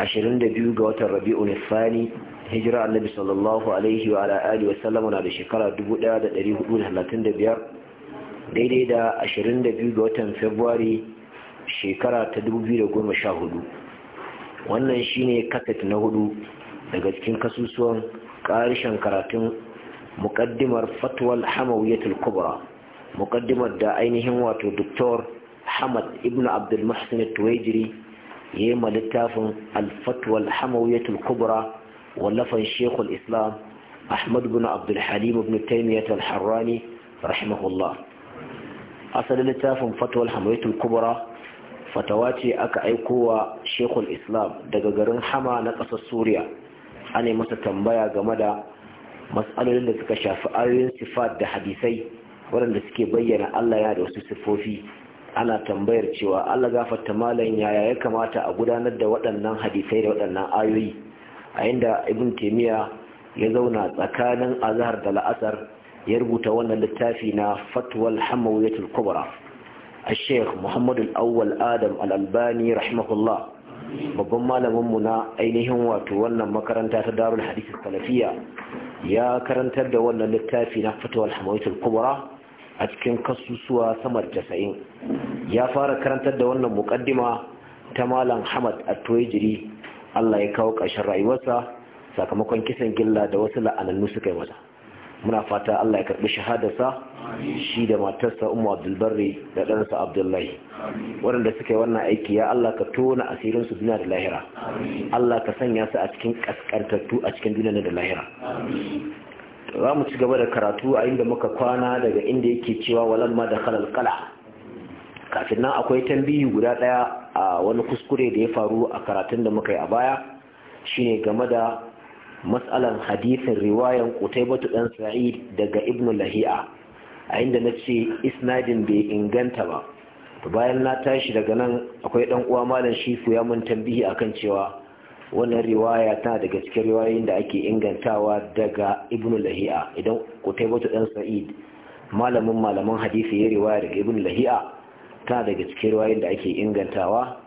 22 ga watan rabi'un Sani hijira annabi sallallahu alaihi wa ala alihi wa sallam na da shekara 1435 daidai da 22 ga watan Fabrairu shekara ta 2014 wannan shine kaset na hudu daga cikin kasusuwan karishen karatun muqaddimar fatwal hamawiyatul kubra muqaddimar da ainihin wato Dr. Hamad ibn Abdul Muhsin Tuwaijiri ya yi littafin alfatwal hamawiyatul kubra wallafan shekul islam ahmad bin abdulhalim ibn taimiyyat harrani rahimahullah asalin littafin fatwal hamawiyatul kubra fatawa ce aka aikowa shekul islam daga garin hama na ƙasar suriya ana masa tambaya game da matsalolin da suka shafi ayoyin sifat da hadisai waɗanda suke bayyana allah ya da wasu siffofi ana tambayar cewa Allah gafarta malam yaya ya kamata a gudanar da waɗannan hadisai da waɗannan ayoyi a inda ibn taimiyya ya zauna tsakanin azhar da la'asar ya rubuta wannan littafi na fatwal hamawiyatul kubra a sheikh muhammadu awwal adam al'albani rahimahullah babban malaminmu na ainihin wato wannan makaranta ta darul hadisi salafiya ya karantar da wannan littafi na fatwal hamawiyatul kubra a cikin kasusuwa samar casa'in ya fara karantar da wannan mukaddima ta malam hamad a attoyejiri allah ya kawo ƙarshen rayuwarsa sakamakon kisan gilla da wasu la'anannu suka yi mata muna fata allah ya karɓi shahadarsa shi da matarsa umu abdulbarri da ɗansa abdullahi waɗanda suka yi wannan aiki ya allah ka tona asirinsu duniya da lahira allah ka sanya su a cikin ƙasƙantattu a cikin duniya da lahira za mu ci gaba da karatu a inda muka kwana daga inda yake cewa ma da khalal kala kafin nan akwai tambihi guda daya a wani kuskure da ya faru a karatun da muka yi a baya shine game da matsalan hadithin riwayan qutaybatu dan sa'id daga ibn lahi'a a inda na ce isnadin bai inganta ba bayan na tashi daga nan akwai dan uwa malam shifu ya mun tambihi akan cewa wannan riwaya ta daga cikin riwayoyin da ake ingantawa daga ibn lahi'a idan ku kutaibatu dan sa'id malamin malaman hadisi ya riwaya daga ibn lahi'a ta daga cikin riwayoyin da ake ingantawa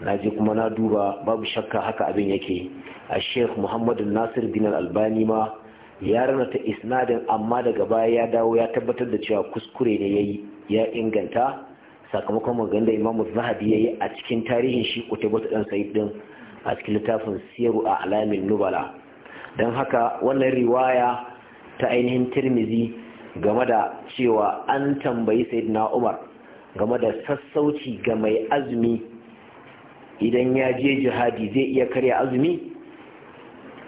na ji kuma na duba babu shakka haka abin yake a sheikh muhammadu nasir bin albani ma ya rana ta isnadin amma daga baya ya dawo ya tabbatar da cewa kuskure ne ya ya inganta sakamakon magan da imamu zahabi ya yi a cikin tarihin shi kuta bata dan sa'id din a cikin littafin siyaru a alamin nubala don haka wannan riwaya ta ainihin tirmizi game da cewa an tambayi na umar game da sassauci ga mai azumi idan ya je jihadi zai iya karya azumi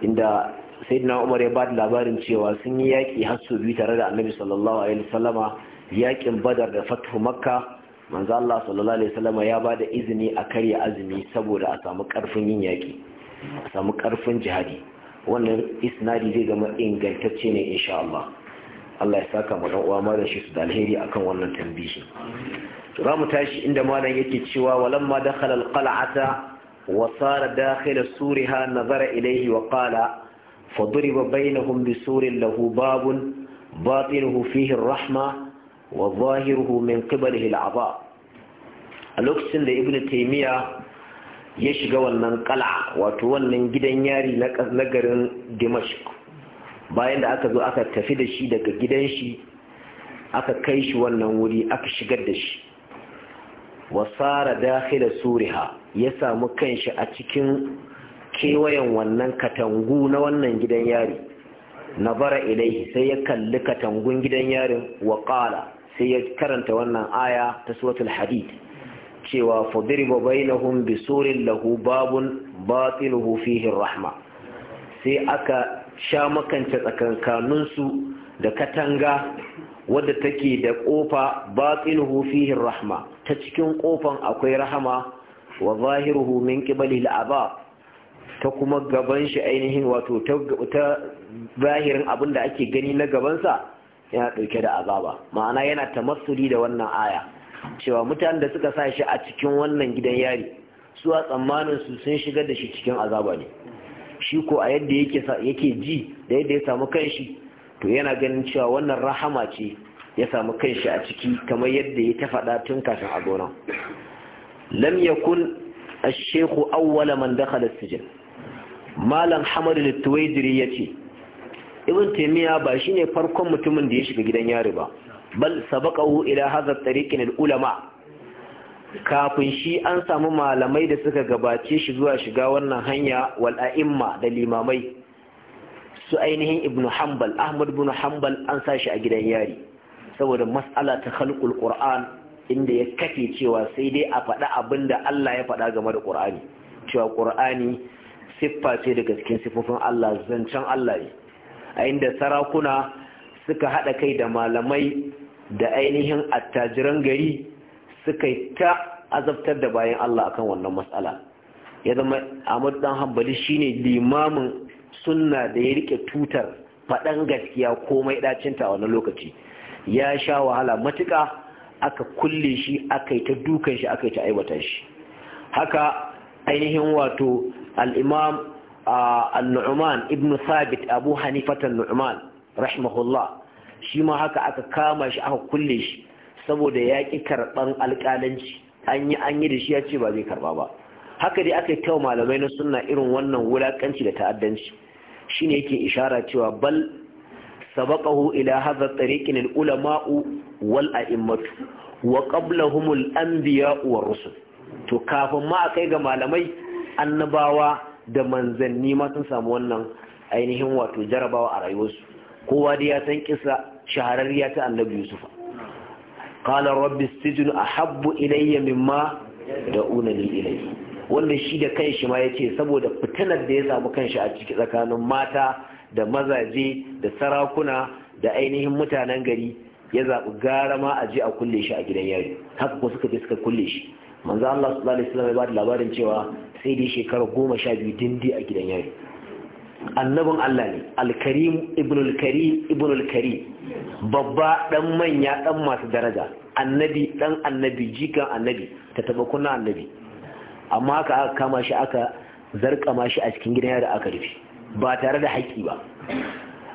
inda sayyidina umar ya ba da labarin cewa sun yi yaƙi har biyu tare da annabi sallallahu alaihi wasallama yaƙin badar da fathu makka manzo Allah sallallahu alaihi wasallam ya bada izini a karya azumi saboda a samu karfin yin yaki a samu karfin jihadi wannan isnadi zai zama ingantacce ne insha Allah Allah ya saka mu dan uwa malam shi su da alheri akan wannan tambihi za mu tashi inda malam yake cewa walamma dakhala alqal'ata wa sara dakhila suriha nazara ilayhi wa qala fadriba bainahum bisurin lahu babun batinuhu fihi ar-rahma wa zahiruhu min qibalihi al'aba a lokacin da ibnu taymiya ya shiga wannan kala wato wannan gidan yari na garin dimashq bayan da aka zo aka tafi da shi daga gidan shi aka kai shi wannan wuri aka shigar da shi wasara dakhila suriha ya samu kanshi a cikin kewayen wannan katangu na wannan gidan yari nabara ilaihi sai ya kalli katangun gidan yarin wa qala sai ya karanta wannan aya ta suratul hadid cewa fadriba bainahum bisurin lahu babun batiluhu fihi rahma sai aka sha makanta tsakankanin su da katanga wadda take da kofa batiluhu fihi rahma ta cikin kofan akwai rahama wa zahiruhu min qibali al ta kuma gaban shi ainihin wato ta zahirin abin da ake gani na gabansa yana ɗauke da azaba ma'ana yana ta masuli da wannan aya cewa mutanen da suka sa shi a cikin wannan gidan yari su a tsammanin su sun shigar da shi cikin azaba ne shi ko a yadda yake ji da yadda ya samu kanshi to yana ganin cewa wannan rahama ce ya samu kan shi a ciki kamar yadda ya ta faɗa tun kafin a gona lam yakun ash-shaykhu awwala man dakhala sijin malam hamad al ya ce ibn taymiya ba shine farkon mutumin da ya shiga gidan yari ba bal sabaqahu ila hadha tariqin ulama kafin shi an samu malamai da suka gabace shi zuwa shiga wannan hanya wal a'imma da limamai su ainihin ibn hanbal ahmad ibn hanbal an sa shi a gidan yari saboda mas'ala ta khalqul qur'an inda ya kafe cewa sai dai a faɗa abin da Allah ya faɗa game da ƙur'ani. cewa ƙur'ani siffa ce daga cikin siffofin Allah zancen Allah ne a inda sarakuna suka haɗa kai da malamai da ainihin attajiran gari suka ta azabtar da bayan Allah akan wannan matsala ya zama Ahmad dan hambali shine limamin sunna da ya rike tutar faɗan gaskiya komai ɗacinta a wannan lokaci ya sha wahala matuƙa aka kulle shi aka yi ta dukan shi aka yi ta aibata shi haka ainihin wato al'imam al-nu'man ibn thabit abu Hanifatan al-nu'man rahimahullah shi ma haka aka kama shi aka kulle shi saboda ya ƙi karɓan alƙalanci an yi da shi ya ce ba zai karɓa ba haka dai aka yi ta malamai na sunna irin wannan wulaƙanci da ta'addanci shine yake ishara cewa bal sabaqahu ila hadha tariqin al-ulama'u wal a'immatu wa qablahum al-anbiya'u war rusul to kafin ma a kai ga malamai annabawa da manzanni ma sun samu wannan ainihin wato jarabawa a rayuwarsu kowa dai ya san kisa shahararriya ta annabi yusuf qala rabbi sijnu ahabbu ilayya mimma unani ilayhi wannan shi da kai shi ma yace saboda fitanar da ya samu kanshi a ciki tsakanin mata da mazaje da sarakuna da ainihin mutanen gari ya zaɓi gara ma a je a kulle shi a gidan yari haka ko suka je suka kulle shi manzo Allah sallallahu alaihi wasallam ya bada labarin cewa sai dai shekara goma sha biyu dindi a gidan yari annabin Allah ne alkarim ibn alkarim ibn babba dan manya dan masu daraja annabi dan annabi jikan annabi ta taba kunna annabi amma haka aka kama shi aka zarkama shi a cikin gidan yari aka rufe ba tare da haƙƙi ba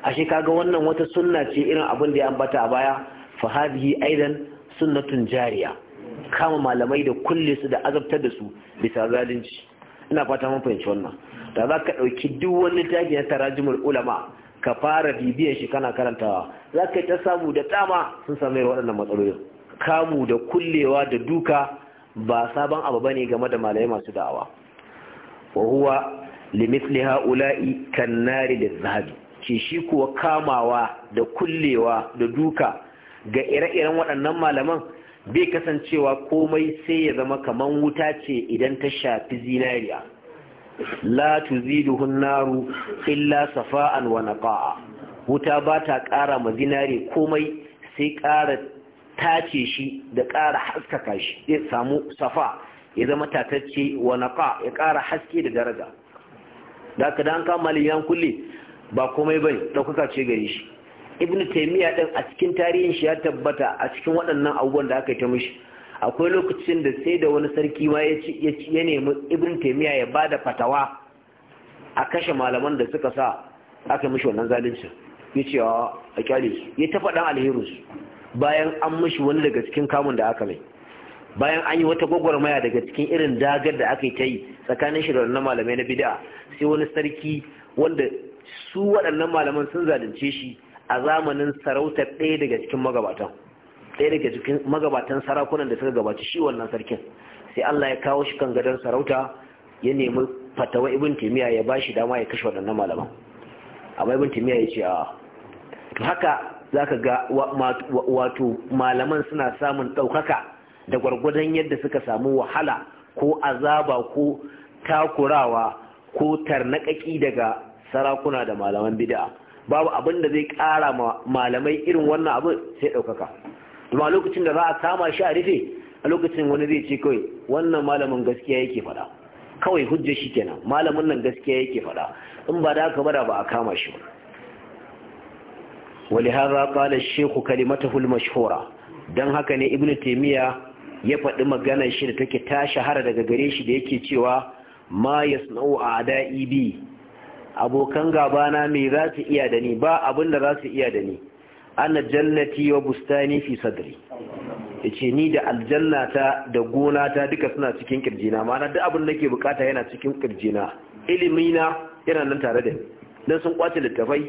ashe kaga wannan wata sunna ce irin abin da ya ambata a baya fa hadhihi aidan sunnatun jariya kama malamai da kulle su da azabtar da su bisa zalunci ina fata mun fahimci wannan da za ka ɗauki duk wani littafi na tarajimul ulama ka fara bibiyar shi kana karantawa za ka yi ta samu da dama sun sami waɗannan matsalolin kamu da kullewa da duka ba sabon abu ba ne game da malamai masu da'awa wa huwa limithli ha'ula'i kan nari da zahabi ke shi kuwa kamawa da kullewa da duka ga ire-iren waɗannan malaman bai kasancewa komai sai ya zama kaman wuta ce idan ta shafi zinariya la tuziduhun naru illa safa'an wa naqa'a wuta ba ta ƙara ma zinari komai sai ƙara tace shi da ƙara haskaka shi ya samu safa ya zama tatacce wa naqa ya ƙara haske da daraja da ka dan kammalin yan kulle ba komai bane ɗaukaka ce gare shi ibn taimiyya din a cikin tarihin shi ya tabbata a cikin waɗannan abubuwan da aka yi ta mishi akwai lokacin da sai da wani sarki ma ya nemi ibn taimiyya ya bada fatawa a kashe malaman da suka sa aka mishi wannan zalunci ya ce a kyale su ya ta faɗan alherus bayan an mishi wani daga cikin kamun da aka mai bayan an yi wata gwagwarmaya daga cikin irin dagar da aka yi ta yi tsakanin shi da wannan malamai na bida sai wani sarki wanda su waɗannan malaman sun zalunce shi a zamanin sarautar ɗaya daga cikin magabatan ɗaya daga cikin magabatan sarakunan da suka gabaci shi wannan sarkin sai Allah ya kawo shi kan gadon sarauta ya nemi fatawa ibn timiya ya ba shi dama ya kashe waɗannan malaman amma ibn timiya ya ce a to haka zaka ga wato malaman suna samun ɗaukaka da gwargwadon yadda suka samu wahala ko azaba ko takurawa ko tarnaƙaƙi daga sarakuna da malaman bid'a babu abin da zai ƙara malamai irin wannan abin sai ɗaukaka kuma lokacin da za a kama shi a rufe a lokacin wani zai ce kawai wannan malamin gaskiya yake faɗa kawai hujja shi kenan malamin nan gaskiya yake faɗa in ba da haka bada ba a kama shi ba ولهذا قال الشيخ كلمته المشهورة dan haka ne ibnu taymiya ya faɗi magana shi da take ta shahara daga gare shi da yake cewa ma yasna'u a'da'i bi abokan gabana me za su iya da ni ba abin da za su iya da ni ana jannati wa bustani fi sadri ce ni da aljannata da gonata duka suna cikin kirjina ma'ana duk abin da ke bukata yana cikin kirjina ilimina yana nan tare da ni don sun kwace littafai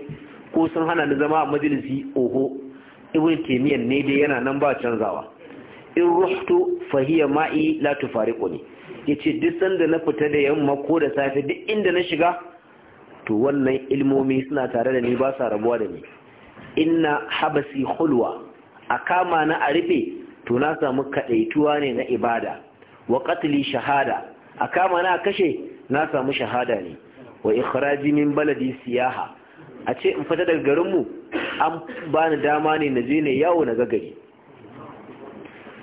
ko sun hana ni zama a majalisi oho ibn taymiyyah ne dai yana nan ba canzawa in ruhtu fahiya ma'i la tufariquni yace duk sanda na fita da yamma ko da safe duk inda na shiga to wannan ilmomi suna tare da ni ba sa rabuwa da ni inna habasi khulwa a kama na a rufe to na samu kadaituwa ne na ibada wa qatli shahada a kama na kashe na samu shahada ne wa ikhraji min baladi siyaha a ce in fita daga garin mu an bani dama ne na je ne yawo na gagari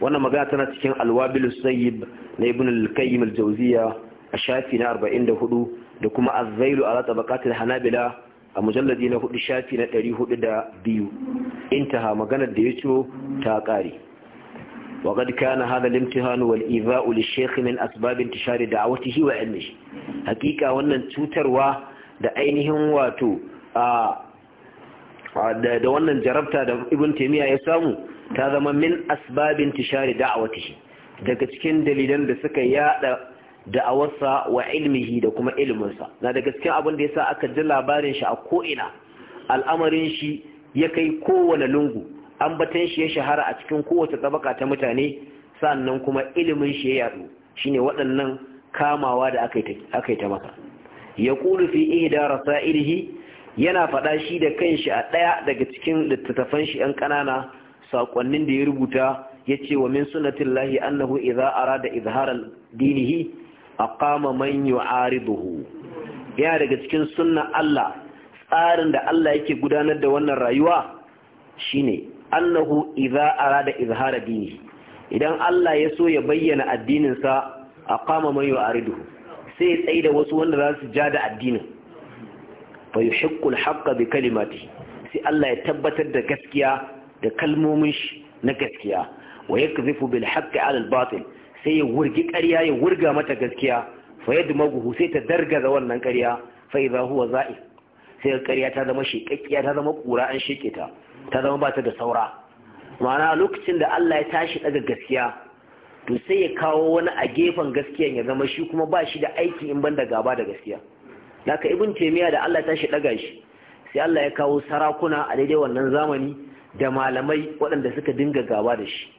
wannan magana tana cikin alwabil sayyib na ibn al-qayyim al-jawziya a shafi na 44 da kuma azzailu ala tabaqatil hanabila a mujalladi na hudu shafi na ɗari hudu da biyu intaha maganar da ya ciro ta ƙare وقد كان هذا الامتحان والإيذاء للشيخ من أسباب انتشار دعوته وعلمه حقيقة wannan cutarwa da ainihin wato da wannan jarabta da Ibn Taymiyyah ya samu ta zama min asbab intishar da'awatihi daga cikin dalilan da suka yada da da'awarsa wa ilmihi da kuma iliminsa na da gaske abin da ya sa aka ji labarin shi a ko'ina al'amarin shi ya kai kowane lungu ambatan shi ya shahara a cikin kowace tsabaka ta mutane sannan kuma ilimin shi ya yadu shine waɗannan kamawa da aka yi ta masa ya kulu fi rasa rasailihi yana faɗa shi da kanshi a ɗaya daga cikin littattafan shi ‘yan ƙanana saƙonnin da ya rubuta ya ce wa min sunatillahi annahu idza arada izharal dinihi aqama man yu'ariduhu ya daga cikin sunna Allah tsarin da Allah yake gudanar da wannan rayuwa shine annahu idza arada izhara dini idan Allah ya so ya bayyana addinin sa aqama man yu'ariduhu sai tsayi da wasu wanda za su ja da addinin fa yuhiqqu al bi kalimati sai Allah ya tabbatar da gaskiya da kalmomin shi na gaskiya wa yakzifu bil haqqi ala al batil sai ya wurgi ƙarya ya wurga mata gaskiya fa yadda maguhu sai ta dargaza wannan ƙarya fa idza huwa za'i sai ƙarya ta zama shekakkiya ta zama kura an sheke ta ta zama ba ta da saura ma'ana lokacin da Allah ya tashi daga gaskiya to sai ya kawo wani a gefen gaskiya ya zama shi kuma ba shi da aiki in banda gaba da gaskiya laka ibn taymiya da Allah ya tashi daga shi sai Allah ya kawo sarakuna a daidai wannan zamani da malamai waɗanda suka dinga gaba da shi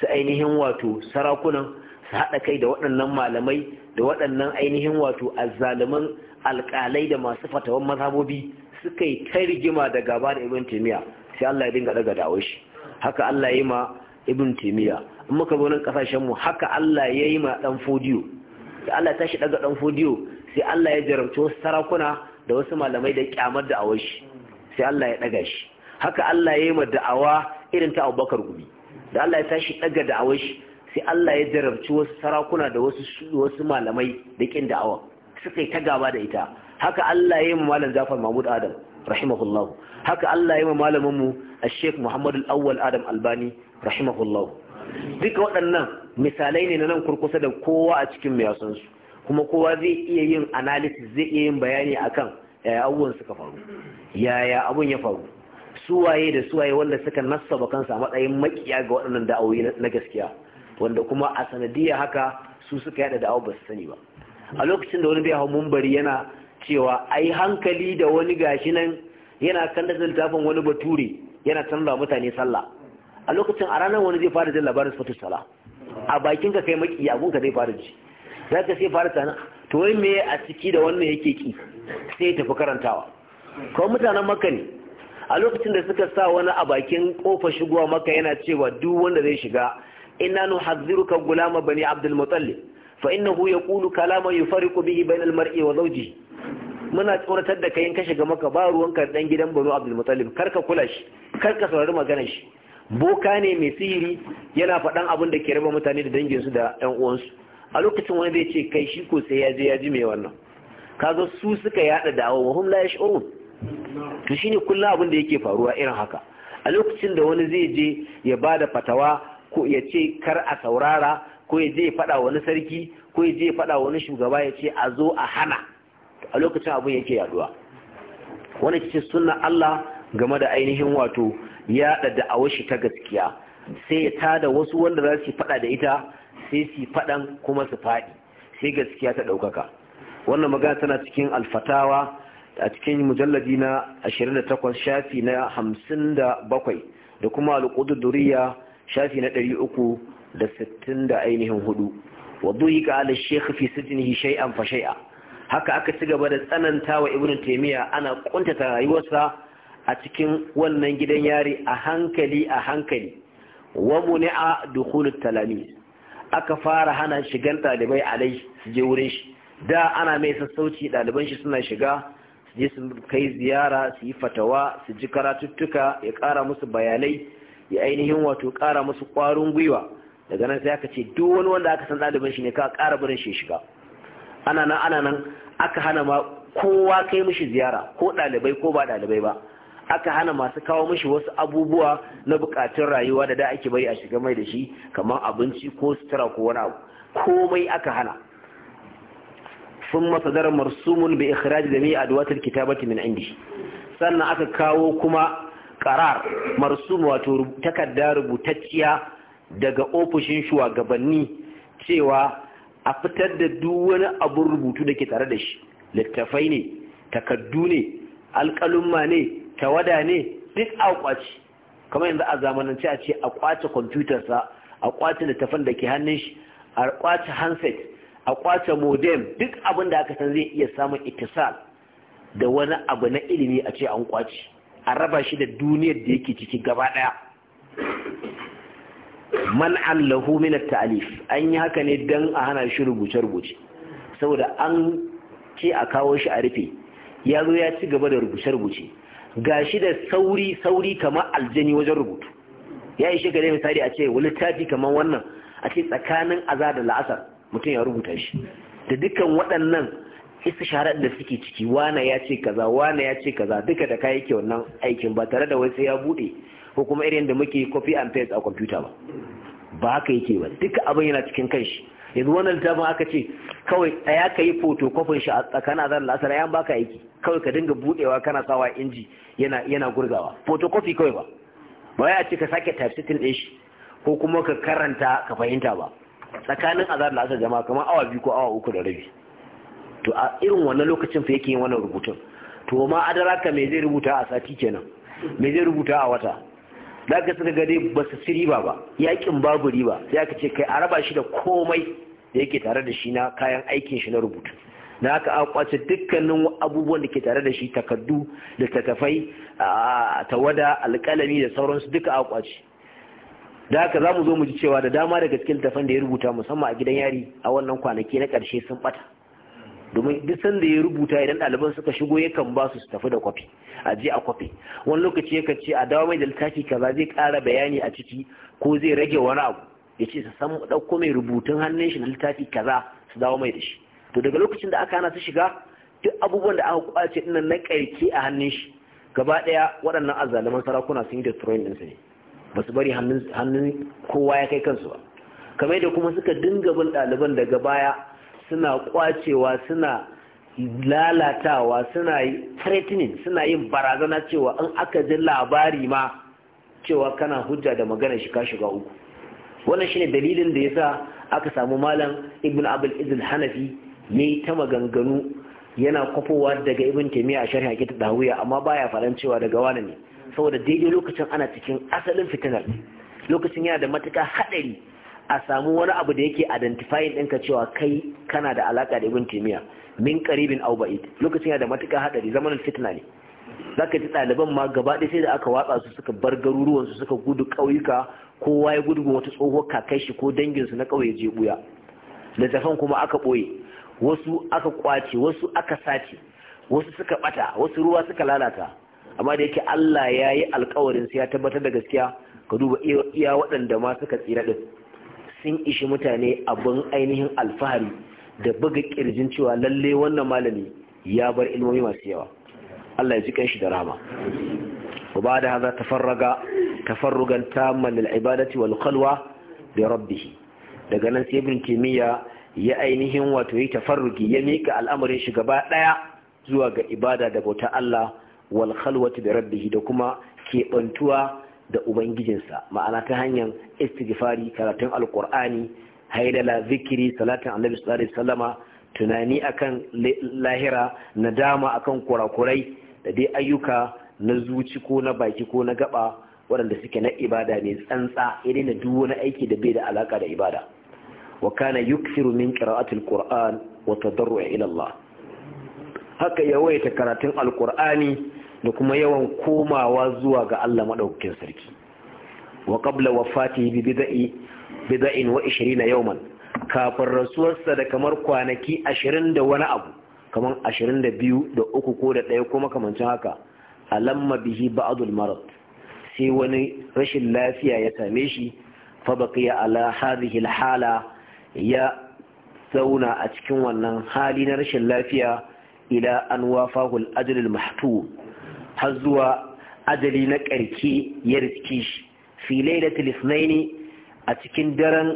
su ainihin wato sarakunan su haɗa kai da waɗannan malamai da waɗannan ainihin wato azzaluman alƙalai da masu fatawan mazhabobi suka yi ta rigima da gaba da ibn taimiya sai Allah ya dinga daga dawo shi haka Allah ya yi ma ibn taimiya in muka zo nan kasashen mu haka Allah ya yi ma dan fodiyo sai Allah ya tashi daga dan fodiyo sai Allah ya jarabta wasu sarakuna da wasu malamai da kyamar da awashi shi sai Allah ya daga shi haka Allah ya yi ma da'awa irin ta Abubakar Gubi. da Allah ya tashi daga da'awar shi sai Allah ya jarabci wasu sarakuna da wasu wasu malamai da kin da'awa suka yi ta gaba da ita haka Allah ya yi malam Jafar Mahmud Adam rahimahullah haka Allah ya yi malamin mu Sheikh Muhammad Al-Awwal Adam Albani rahimahullah duka waɗannan misalai ne na nan kurkusa da kowa a cikin mai su kuma kowa zai iya yin analysis zai iya yin bayani akan yaya suka faru yaya abun ya faru suwaye da suwaye wanda suka nasaba kansa matsayin makiya ga waɗannan da'awoyi na gaskiya wanda kuma a sanadiyar haka su suka yada da'awo ba su sani ba a lokacin da wani bai hau mumbari yana cewa ai hankali da wani gashi nan yana kan da littafin wani bature yana canza mutane sallah a lokacin a ranar wani zai fara jin labarin fatu sala a bakin ka kai maki abunka zai fara ji za ka sai fara tana to wai me a ciki da wannan yake ki sai ya tafi karantawa kawai mutanen makka ne a lokacin da suka sa wani a bakin kofa shigowa maka yana cewa duk wanda zai shiga inna haziruka gulama bani abdul muttalib fa innahu yaqulu kalama yufariqu bihi al mar'i wa zawjihi muna tsoratar da kai in ka shiga maka ba ruwanka dan gidan banu abdul kar ka kula shi kar ka saurari maganar shi boka ne mai sihiri yana faɗan abin da ke raba mutane da danginsu da ƴan uwansu a lokacin wani zai ce kai shi ko sai ya je ya ji mai wannan kaga su suka yada dawo wa hum la yash'urun to shine kullum abin da yake faruwa irin haka a lokacin da wani zai je ya ba da fatawa ko ya ce kar a saurara ko ya je ya faɗa wani sarki ko ya je ya faɗa wani shugaba ya ce a zo a hana a lokacin abin yake yaduwa wani ce sunna Allah game da ainihin wato yaɗa a washi ta gaskiya sai ya tada wasu wanda za su faɗa da ita sai su faɗan kuma su faɗi sai gaskiya ta ɗaukaka wannan magana tana cikin alfatawa a cikin mujalladi na 28 shafi na 57 da kuma al-qududuriyya shafi na 300 da da ainihin hudu yi ga ala shaykh fi sijnihi shay'an fa shay'a haka aka ci gaba da tsananta wa ibnu taymiya ana ƙuntata rayuwarsa a cikin wannan gidan yari a hankali a hankali wa muni'a dukhulut talamis aka fara hana shigan ɗalibai alai su je wurin shi da ana mai sassauci ɗaliban shi suna shiga su je su kai ziyara su yi fatawa su ji karatuttuka ya kara musu bayanai ya ainihin wato kara musu ƙwarin gwiwa daga nan sai aka ce duk wani wanda aka san ɗaliban shi ne ka ƙara barin shi shiga ana nan ana nan aka hana ma kowa kai mishi ziyara ko ɗalibai ko ba ɗalibai ba aka hana masu kawo mishi wasu abubuwa na bukatun rayuwa da da ake bari a shiga mai da shi kamar abinci ko sutura ko wani abu komai aka hana ثم صدر a بإخراج جميع min الكتابة Sannan aka kawo kuma karar قرار wato takarda rubutacciya daga ofishin shugabanni cewa a fitar da duk wani abun rubutu da ke tare da shi littafai ne takaddu ne alƙalumma ne tawada ne duk a kwaci kamar yanzu a zamanance a ce a kwace kwamfutarsa a kwace littafan da ke hannun shi a kwace handset a kwace modem duk abin da aka san zai iya samun itisal da wani abu na ilimi a ce an kwace a raba shi da duniyar da yake ciki gaba daya man allahu min at-ta'lif an yi haka ne dan a hana shi rubuce-rubuce saboda an ce a kawo shi a rufe ya ya ci gaba da rubuce-rubuce gashi da sauri sauri kamar aljani wajen rubutu ya yi shekara misali a ce wani tafi kamar wannan a ce tsakanin aza da la'asar mutum ya rubuta shi da dukkan waɗannan isa istisharar da suke ciki wane ya ce kaza wane ya ce kaza duka da kayi ke wannan aikin ba tare da wai sai ya bude ko kuma irin da muke copy and paste a kwamfuta ba ba haka yake ba duka abin yana cikin kan shi. yanzu wannan littafin aka ce kawai a ya ka yi fotokofin shi a tsakanin azar la'asar ba baka aiki kawai ka dinga buɗewa kana sawa inji yana yana gurgawa fotokofi kawai ba ba ya ce ka sake typesetting ɗin shi ko kuma ka karanta ka fahimta ba tsakanin azar da asar jama'a kamar awa biyu ko awa uku da rabi to a irin wannan lokacin fa yake yin wannan rubutun to ma ka me zai rubuta a sati kenan me zai rubuta a wata da ka suka gade ba su ci riba ba yakin babu riba sai aka ce kai a raba shi da komai da yake tare da shi na kayan aikin shi na rubutu da aka akwace dukkanin abubuwan da ke tare da shi takaddu da takafai tawada alkalami da sauransu duka a da haka za mu zo mu ji cewa da dama daga cikin tafan da ya rubuta musamman a gidan yari a wannan kwanaki na ƙarshe sun bata domin duk sanda ya rubuta idan ɗaliban suka shigo yakan ba su su tafi da kwafi a je a kwafi wani lokaci ya ce a dawo mai da littafi kaza zai ƙara bayani a ciki ko zai rage wani abu ya ce su san ɗauko mai rubutun hannun shi na littafi kaza su dawo mai da shi to daga lokacin da aka hana su shiga duk abubuwan da aka kwace ɗinnan na ƙarke a hannun shi gaba ɗaya waɗannan azzaluman sarakuna sun yi destroying ɗinsu ne ba su bari hannun kowa ya kai kansu ba kamar da kuma suka dinga bin ɗaliban daga baya suna kwacewa suna lalatawa suna yi threatening suna yin barazana cewa in aka ji labari ma cewa kana hujja da magana shi ka shiga uku wannan shine dalilin da yasa aka samu malam ibn abul izil hanafi ne ta maganganu yana kwafowa daga ibn taymiya a sharhi hakikatu dawiya amma baya faɗan cewa daga wani ne saboda daidai lokacin ana cikin asalin fitinar lokacin yana da matuka haɗari a samu wani abu da yake identifying ɗinka cewa kai kana da alaƙa da ibn timiya min karibin au ba'id lokacin yana da matuka haɗari zamanin fitina ne zaka ji ɗaliban ma gaba ɗaya sai da aka watsa su suka bar garuruwan su suka gudu ƙauyuka kowa ya gudu wata tsohuwar kakai shi ko dangin su na ƙauye je buya littafan kuma aka ɓoye wasu aka kwace wasu aka sace wasu suka ɓata wasu ruwa suka lalata amma da yake Allah ya yi alkawarin sai ya tabbatar da gaskiya ka duba iya waɗanda ma suka tsira ɗin sun ishi mutane abin ainihin alfahari da buga ƙirjin cewa lalle wannan malami ya bar ilmomi masu yawa Allah ya ji shi da rama wa ba da haza tafarraga tafarrugan tamman lil ibadati wal khalwa da rabbih daga nan sai ibn kimiyya ya ainihin wato yi tafarrugi ya mika al'amarin shi gaba ɗaya zuwa ga ibada da bauta Allah wal da rabbihi da kuma keɓantuwa da ubangijinsa ma'ana ta hanyar istighfari karatun alkur'ani haidala zikiri salatin annabi sallallahu alaihi wasallama tunani akan lahira nadama akan kurakurai da dai ayyuka na zuci ko na baki ko na gaba waɗanda suke na ibada ne tsantsa irin da duk wani aiki da bai da alaka da ibada wa kana yukthiru min qira'ati alquran wa tadarru'a ila Allah haka yawaita karatun alqur'ani da kuma yawan komawa zuwa ga Allah maɗaukin sarki wa qabla wafati bi bida'i bida'in wa 20 yawman kafin rasuwarsa da kamar kwanaki 20 da wani abu kamar 22 da uku ko da ɗaya kamar can haka alamma bihi ba'dul marad sai wani rashin lafiya ya same shi fa baqiya ala hadhihi alhala ya zauna a cikin wannan hali na rashin lafiya ila an wafahu al-ajr al har zuwa adali na ƙarke ya riske shi fi lailatul ithnaini a cikin daren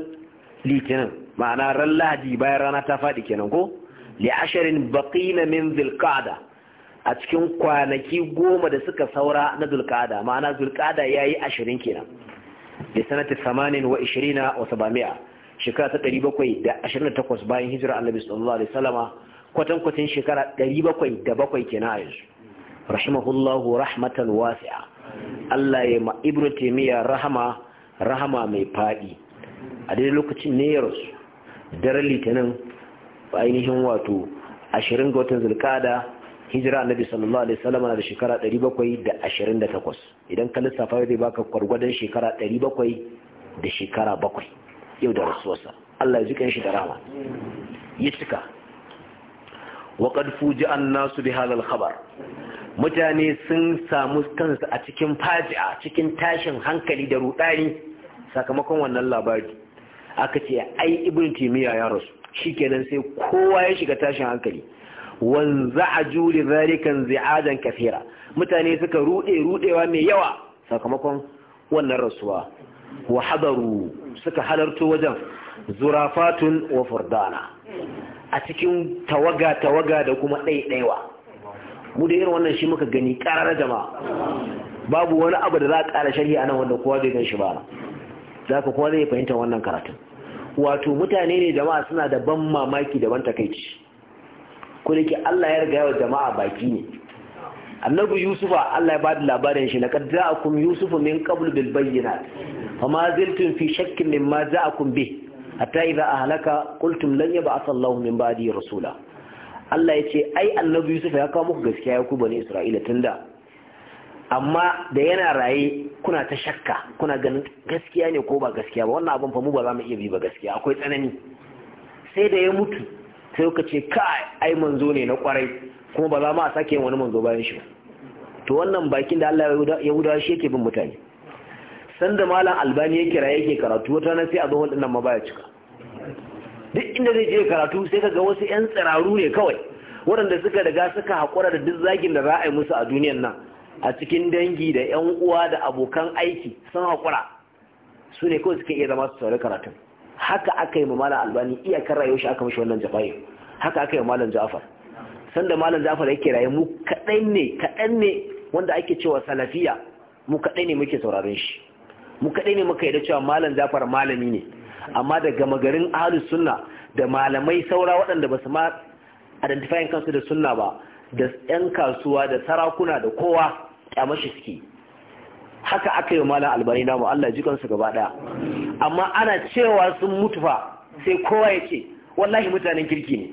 litinin ma'ana ran lahadi bayan rana ta faɗi kenan ko li asharin baqina min zulqa'da a cikin kwanaki goma da suka saura na zulqa'da ma'ana zulqa'da yayi 20 kenan Da sanata 28 wa ishirina wa 700 shekara ta ɗari bakwai da da ashirin takwas bayan hijira annabi sallallahu alaihi wasallama kwatan kwatin shekara bakwai kenan a yanzu rahimahullahu rahmatan wasi'a Allah ya ma Ibn Taymiyyah rahama rahama mai fadi a daidai lokacin ne ya rasu daren litinin ainihin wato 20 ga watan zulkada hijira annabi sallallahu alaihi wasallam na da shekara 728 idan ka lissafa zai baka gwargwadon shekara 700 da shekara 7 yau da rasuwarsa Allah ya jikan shi da rahama ya cika wa qad an-nasu bi hadha khabar mutane sun samu kansu a cikin faji'a cikin tashin hankali da rudani sakamakon wannan labari aka ce ai ibn timiya ya rasu shikenan sai kowa ya shiga tashin hankali wanza a juli zalikan zi'adan kafira mutane suka rude rudewa mai yawa sakamakon wannan rasuwa wa hadaru suka halarto wajen zurafatun wa furdana a cikin tawaga tawaga da kuma ɗaiɗaiwa mu da irin wannan shi muka gani ƙarar jama'a babu wani abu da za a ƙara sharhi a nan wanda kowa zai gan shi ba za ka kowa zai fahimta wannan karatun wato mutane ne jama'a suna da ban mamaki daban ban takaici ko da ke Allah ya riga yawa jama'a baki ne annabi yusuf Allah ya ba da labarin shi laqad ja'akum yusufu min qablu bil bayyinat fama ziltum fi shakkin a ja'akum bih hatta idza ahlaka qultum lan yab'ath Allahu min ba'di rasula Allah yace ai annabi Yusuf ya kawo muku gaskiya ya ku bani Isra'ila tunda amma da yana raye kuna ta shakka kuna ganin gaskiya ne ko ba gaskiya ba wannan abin fa mu ba za mu iya bi ba gaskiya akwai tsanani sai da ya mutu sai ka ce kai ai manzo ne na kwarai kuma ba za mu a sake wani manzo bayan shi ba. to wannan bakin da Allah ya huda shi yake bin mutane sanda malam albani ya kira yake karatu wata na sai a zuhun dinnan ma baya cika duk inda zai je karatu sai ka ga wasu yan tsiraru ne kawai waɗanda suka daga suka haƙura da duk zagin da za a yi musu a duniyan nan a cikin dangi da yan uwa da abokan aiki sun haƙura su ne kawai suka iya zama su saurari karatu. haka aka yi ma malam albani iyakar rayuwar shi aka mishi wannan jafa'i haka aka yi ma malam ja'far sanda malam ja'far yake raye mu kaɗan ne kaɗan ne wanda ake cewa salafiya mu kaɗai ne muke sauraron shi mu kaɗai ne muka yi cewa malam jafar malami ne amma daga magarin garin ahalus sunna da malamai saura waɗanda ba su ma identifying kansu da sunna ba da 'yan kasuwa da sarakuna da kowa shi suke haka aka yi malam albani mu Allah ji kansu gaba ɗaya, amma ana cewa sun mutu fa sai kowa ya ce wallahi mutanen kirki ne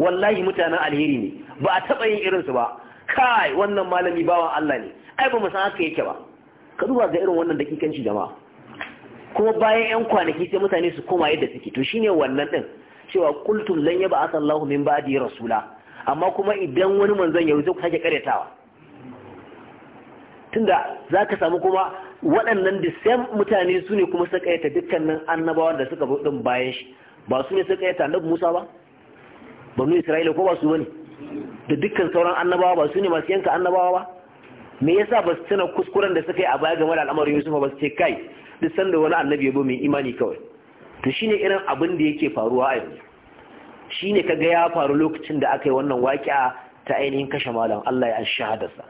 wallahi mutanen alheri ne ba a taɓa yin irinsu ba kai wannan malami bawan Allah ne ai ba mu san haka yake ba ka duba ga irin wannan dakikanci jama'a kuma bayan yan kwanaki sai mutane su koma yadda suke to shine wannan din cewa kultum lan yaba ba min ba'di rasula amma kuma idan wani manzon ya wuce ku sake karyatawa tunda zaka samu kuma waɗannan da same mutane su ne kuma suka karyata dukkanin annabawan da suka bi bayan shi ba su ne suka karyata annabi Musa ba Ba mu Isra'ila ko ba su bane da dukkan sauran annabawa ba su ne masu yanka annabawa ba me yasa ba su tuna kuskuren da suka yi a baya game da al'amarin Yusuf ba su ce kai duk sanda wani annabi ya bi mai imani kawai to shine irin abin da yake faruwa a yanzu shine kaga ya faru lokacin da aka yi wannan waƙi'a ta ainihin kashe malam Allah ya shahadarsa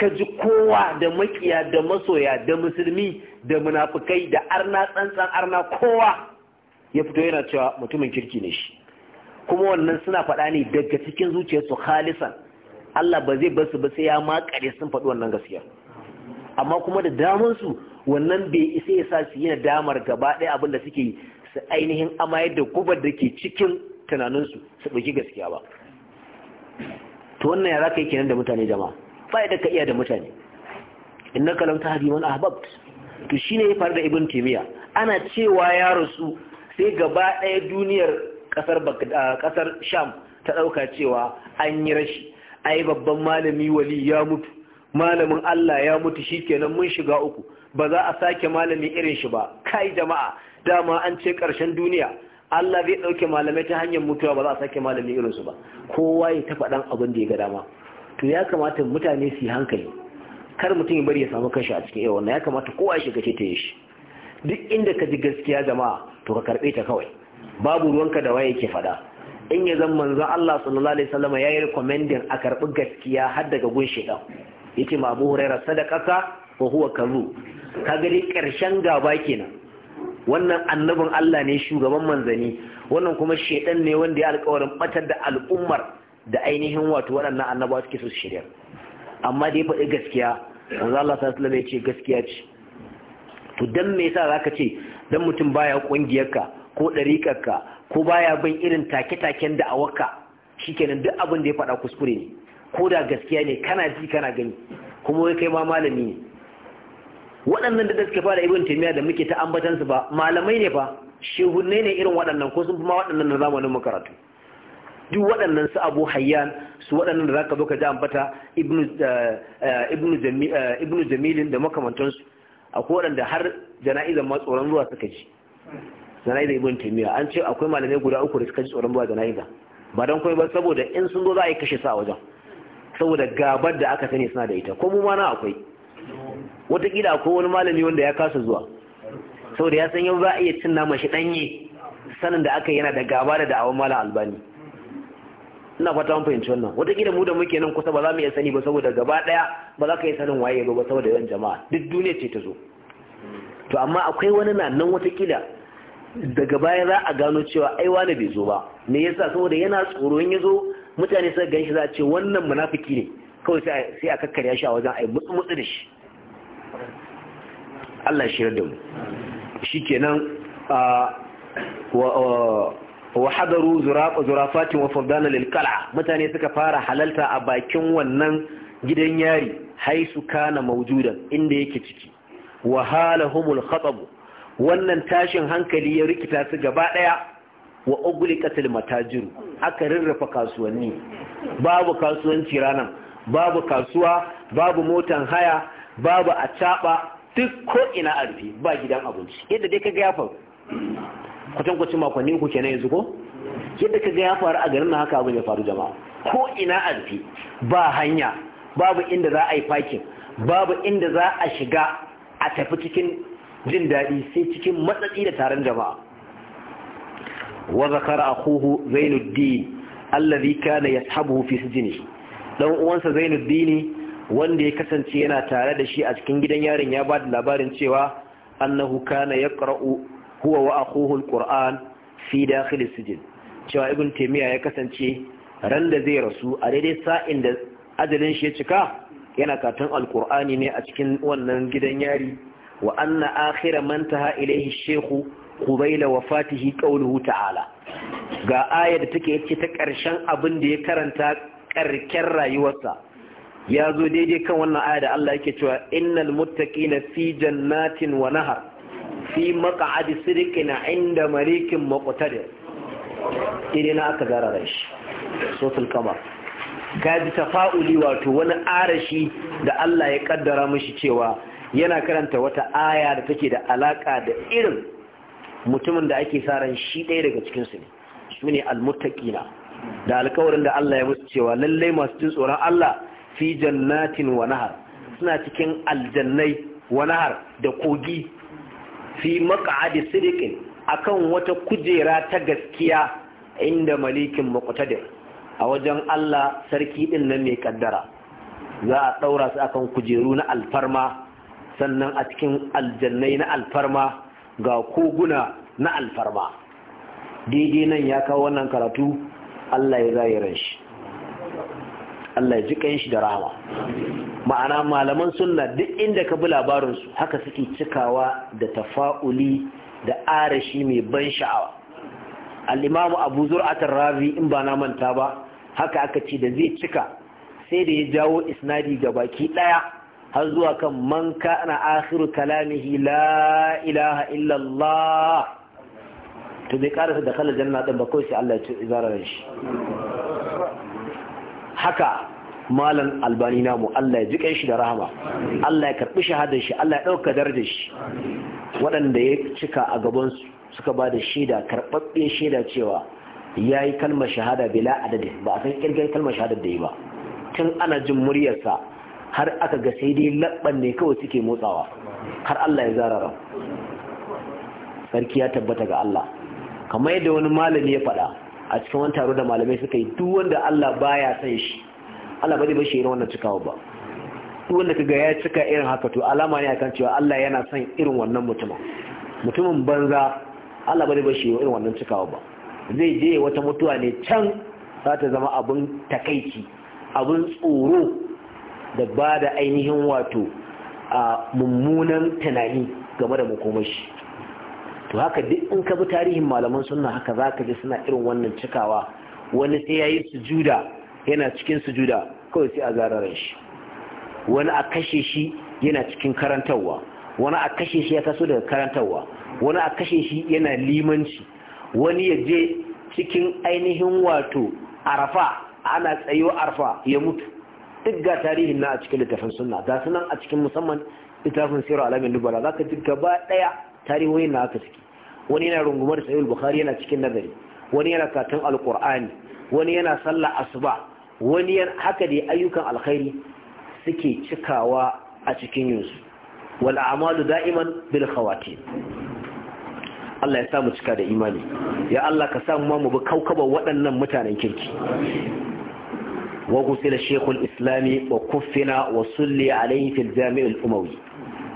ka ji kowa da makiya da masoya da musulmi da munafukai da arna tsantsan arna kowa ya fito yana cewa mutumin kirki ne shi kuma wannan suna faɗa ne daga cikin zuciyarsu khalisan Allah ba zai basu ba sai ya makare sun faɗi wannan gaskiya amma kuma da damar su wannan bai isa ya sa su yi damar gaba ɗaya abin da suke yi su ainihin amayar da gubar da ke cikin tunaninsu su ɗauki gaskiya ba to wannan ya za ka yi kenan da mutane jama'a ba da ka iya da mutane in na kalamta hadiman ahbab to shine ya faru da ibn timiya ana cewa ya rasu sai gaba ɗaya duniyar ƙasar sham ta ɗauka cewa an yi rashi ai babban malami wali ya mutu malamin Allah ya mutu shi shikenan mun shiga uku ba za a sake malami irin shi ba kai jama'a dama an ce karshen duniya Allah zai ɗauke malamai ta hanyar mutuwa ba za a sake malami irin su ba kowa ya tafa dan abin da ya ga dama to ya kamata mutane su yi hankali kar mutum ya bari ya samu kashi a cikin wannan ya kamata kowa ya shiga ta shi duk inda ka ji gaskiya jama'a to ka karɓe ta kawai babu ruwanka da waye ke faɗa in ya zan manzo Allah sallallahu alaihi wasallam ya yi recommending a karɓi gaskiya har daga gun shedan yace ma Abu Huraira sadaqaka wa huwa kazu kaga dai karshen gaba kenan wannan annabin Allah ne shugaban manzani wannan kuma shedan ne wanda ya alƙawarin batar da al'ummar da ainihin wato waɗannan annabawa suke so su shirya amma da ya faɗi gaskiya manzo Allah sallallahu alaihi wasallam ya ce gaskiya ce to dan me yasa zaka ce dan mutum baya kungiyarka ko ɗariƙarka ko baya bin irin take-taken da awaka shikenan duk abin da ya faɗa kuskure ne ko da gaskiya ne kana ji kana gani kuma wai kai ma malami ne waɗannan da suka fara ibn taymiya da muke ta ambatan su ba malamai ne fa shehunne ne irin waɗannan ko sun fi ma waɗannan na zamanin makaratu duk waɗannan su abu hayyan su waɗannan da zaka zo ka ji ambata ibnu eh, eh, jamilin da makamantansu akwai waɗanda har jana'izan ma tsoron zuwa suka ji zanayi da ibn taymiya an ce akwai malamai guda uku da suka ji tsoron ba zanayi ba ba don kuma ba saboda in sun zo za a yi kashe sa wajen saboda gabar da aka sani suna da ita ko mu ma na akwai wataƙila akwai wani malami wanda ya kasa zuwa saboda ya san yau za a iya cin nama shi ɗanye sanin da aka yana da gaba da da'awar malam albani ina fata mun fahimci wannan wataƙila mu da muke nan kusa ba za mu iya sani ba saboda gaba ɗaya ba za ka yi sanin waye ba saboda yawan jama'a duk duniya ce ta zo to amma akwai wani na nan watakila daga baya za a gano cewa ai wane bai zo ba me yasa saboda yana tsoro in yazo mutane suka ganshi za a ce wannan munafiki ne kawai sai a kakkarya shi a wajen ai mutsu mutsu da shi Allah shi da mu shikenan wa wa hadaru zurafatin wa fardana lil qal'a mutane suka fara halalta a bakin wannan gidan yari haisu kana maujudan inda yake ciki wa halahumul khatab wannan tashin hankali ya rikita su gaba ɗaya wa ugliqatil Matajiru, aka rarrafa kasuwanni babu kasuwanci ranan babu kasuwa babu motan haya babu caba duk ko ina arfi ba gidan abinci yadda dai kaga ya faru kwatan makonni ku kenan yanzu ko yadda kaga ya faru a garin nan haka abin ya faru jama'a ko ina arfi ba hanya babu inda za a yi parking babu inda za a shiga a tafi cikin jin daɗi sai cikin matsatsi da taron jama'a wa zakara akhuhu zainuddin allazi kana yashabuhu fi sijni dan uwansa zainuddin wanda ya kasance yana tare da shi a cikin gidan yarin ya ba da labarin cewa annahu kana yaqra'u huwa wa akhuhu alquran fi dakhil jini? cewa ibn taymiya ya kasance ran da zai rasu a daidai sa'in da ajalin shi ya cika yana katon alkur'ani ne a cikin wannan gidan yari wa anna akhira man taha ilayhi shehu qubayla wafatihi qawluhu ta'ala ga aya da take yace ta karshen abin da ya karanta karken rayuwarsa ya zo daidai kan wannan aya da Allah yake cewa innal muttaqina fi jannatin wa nahar fi maq'adi sidqin 'inda malikin muqtadir idan aka gara da shi sotul kamar gaji tafa'uli wato wani arashi da Allah ya kaddara mishi cewa yana karanta wata aya da take da alaka da irin mutumin da ake sa ran shi ɗaya daga cikin su ne shine da alƙawarin da Allah ya musu cewa lalle masu jin tsoron Allah fi jannatin wa nahar suna cikin aljannai wa nahar da kogi fi maq'adi sidiqin akan wata kujera ta gaskiya inda malikin muqtadir a wajen Allah sarki din nan mai kaddara za a daura su akan kujeru na alfarma sannan a cikin aljannai na alfarma ga koguna na alfarma daidai nan ya kawo wannan karatu Allah ya zahiran shi Allah ya shi da rahama ma'ana malaman sunna duk inda ka bi labarinsu haka suke cikawa da tafa'uli da arashi mai ban sha'awa al'imamu abu zur'atar ravi in ba na manta ba haka aka ce da zai cika sai da ya jawo isnadi ga baki ɗaya har zuwa kan man kana akhiru kalamihi la ilaha illallah to bai karasa da kala janna da ba kawai sai Allah ya ci zararin shi haka malam albani namu Allah ya jike shi da rahama Allah ya karbi shahadar shi Allah ya dauka darajar shi waɗanda ya cika a gaban su suka ba da shaida karɓaɓɓen shaida cewa ya yi kalmar shahada bila adadin ba a san kirgar kalmar shahada da yi ba tun ana jin muryarsa har aka ga sai dai labban ne kawai suke motsawa har Allah ya zarara sarki ya tabbata ga Allah kamar yadda wani malami ya faɗa a cikin wani taro da malamai suka yi duk wanda Allah baya san shi Allah ba zai bar shi irin wannan cikawa ba duk wanda kaga ya cika irin haka to alama ne akan cewa Allah yana son irin wannan mutumin mutumin banza Allah ba zai bar shi irin wannan cikawa ba zai je wata mutuwa ne can za ta zama abin takaici abin tsoro da ba da ainihin wato a mummunan tunani game da makomashi to haka duk in ka bi tarihin malaman suna haka za ka ji suna irin wannan cikawa wani sai ya yi sujuda yana cikin sujuda kawai sai a zararar shi wani a kashe shi yana cikin karantarwa wani a kashe shi ya taso daga karantarwa wani a kashe shi yana limanci wani ya je cikin ainihin wato arafa ana tsayo arafa ya mutu duk ga tarihin na a cikin littafin sunna ga sunan a cikin musamman littafin sirar alamin dubara za ka ji gaba ɗaya tarihoyin na aka ciki wani yana rungumar sayul bukhari yana cikin nazari wani yana katon alkur'ani wani yana sallah asuba wani yana haka dai ayyukan alkhairi suke cikawa a cikin yunsu wal a'malu da'iman bil khawatim Allah ya samu cika da imani ya Allah ka samu mu bi kaukabar waɗannan mutanen kirki وغسل شيخ الإسلام وكفن وصلي عليه في الجامع الأموي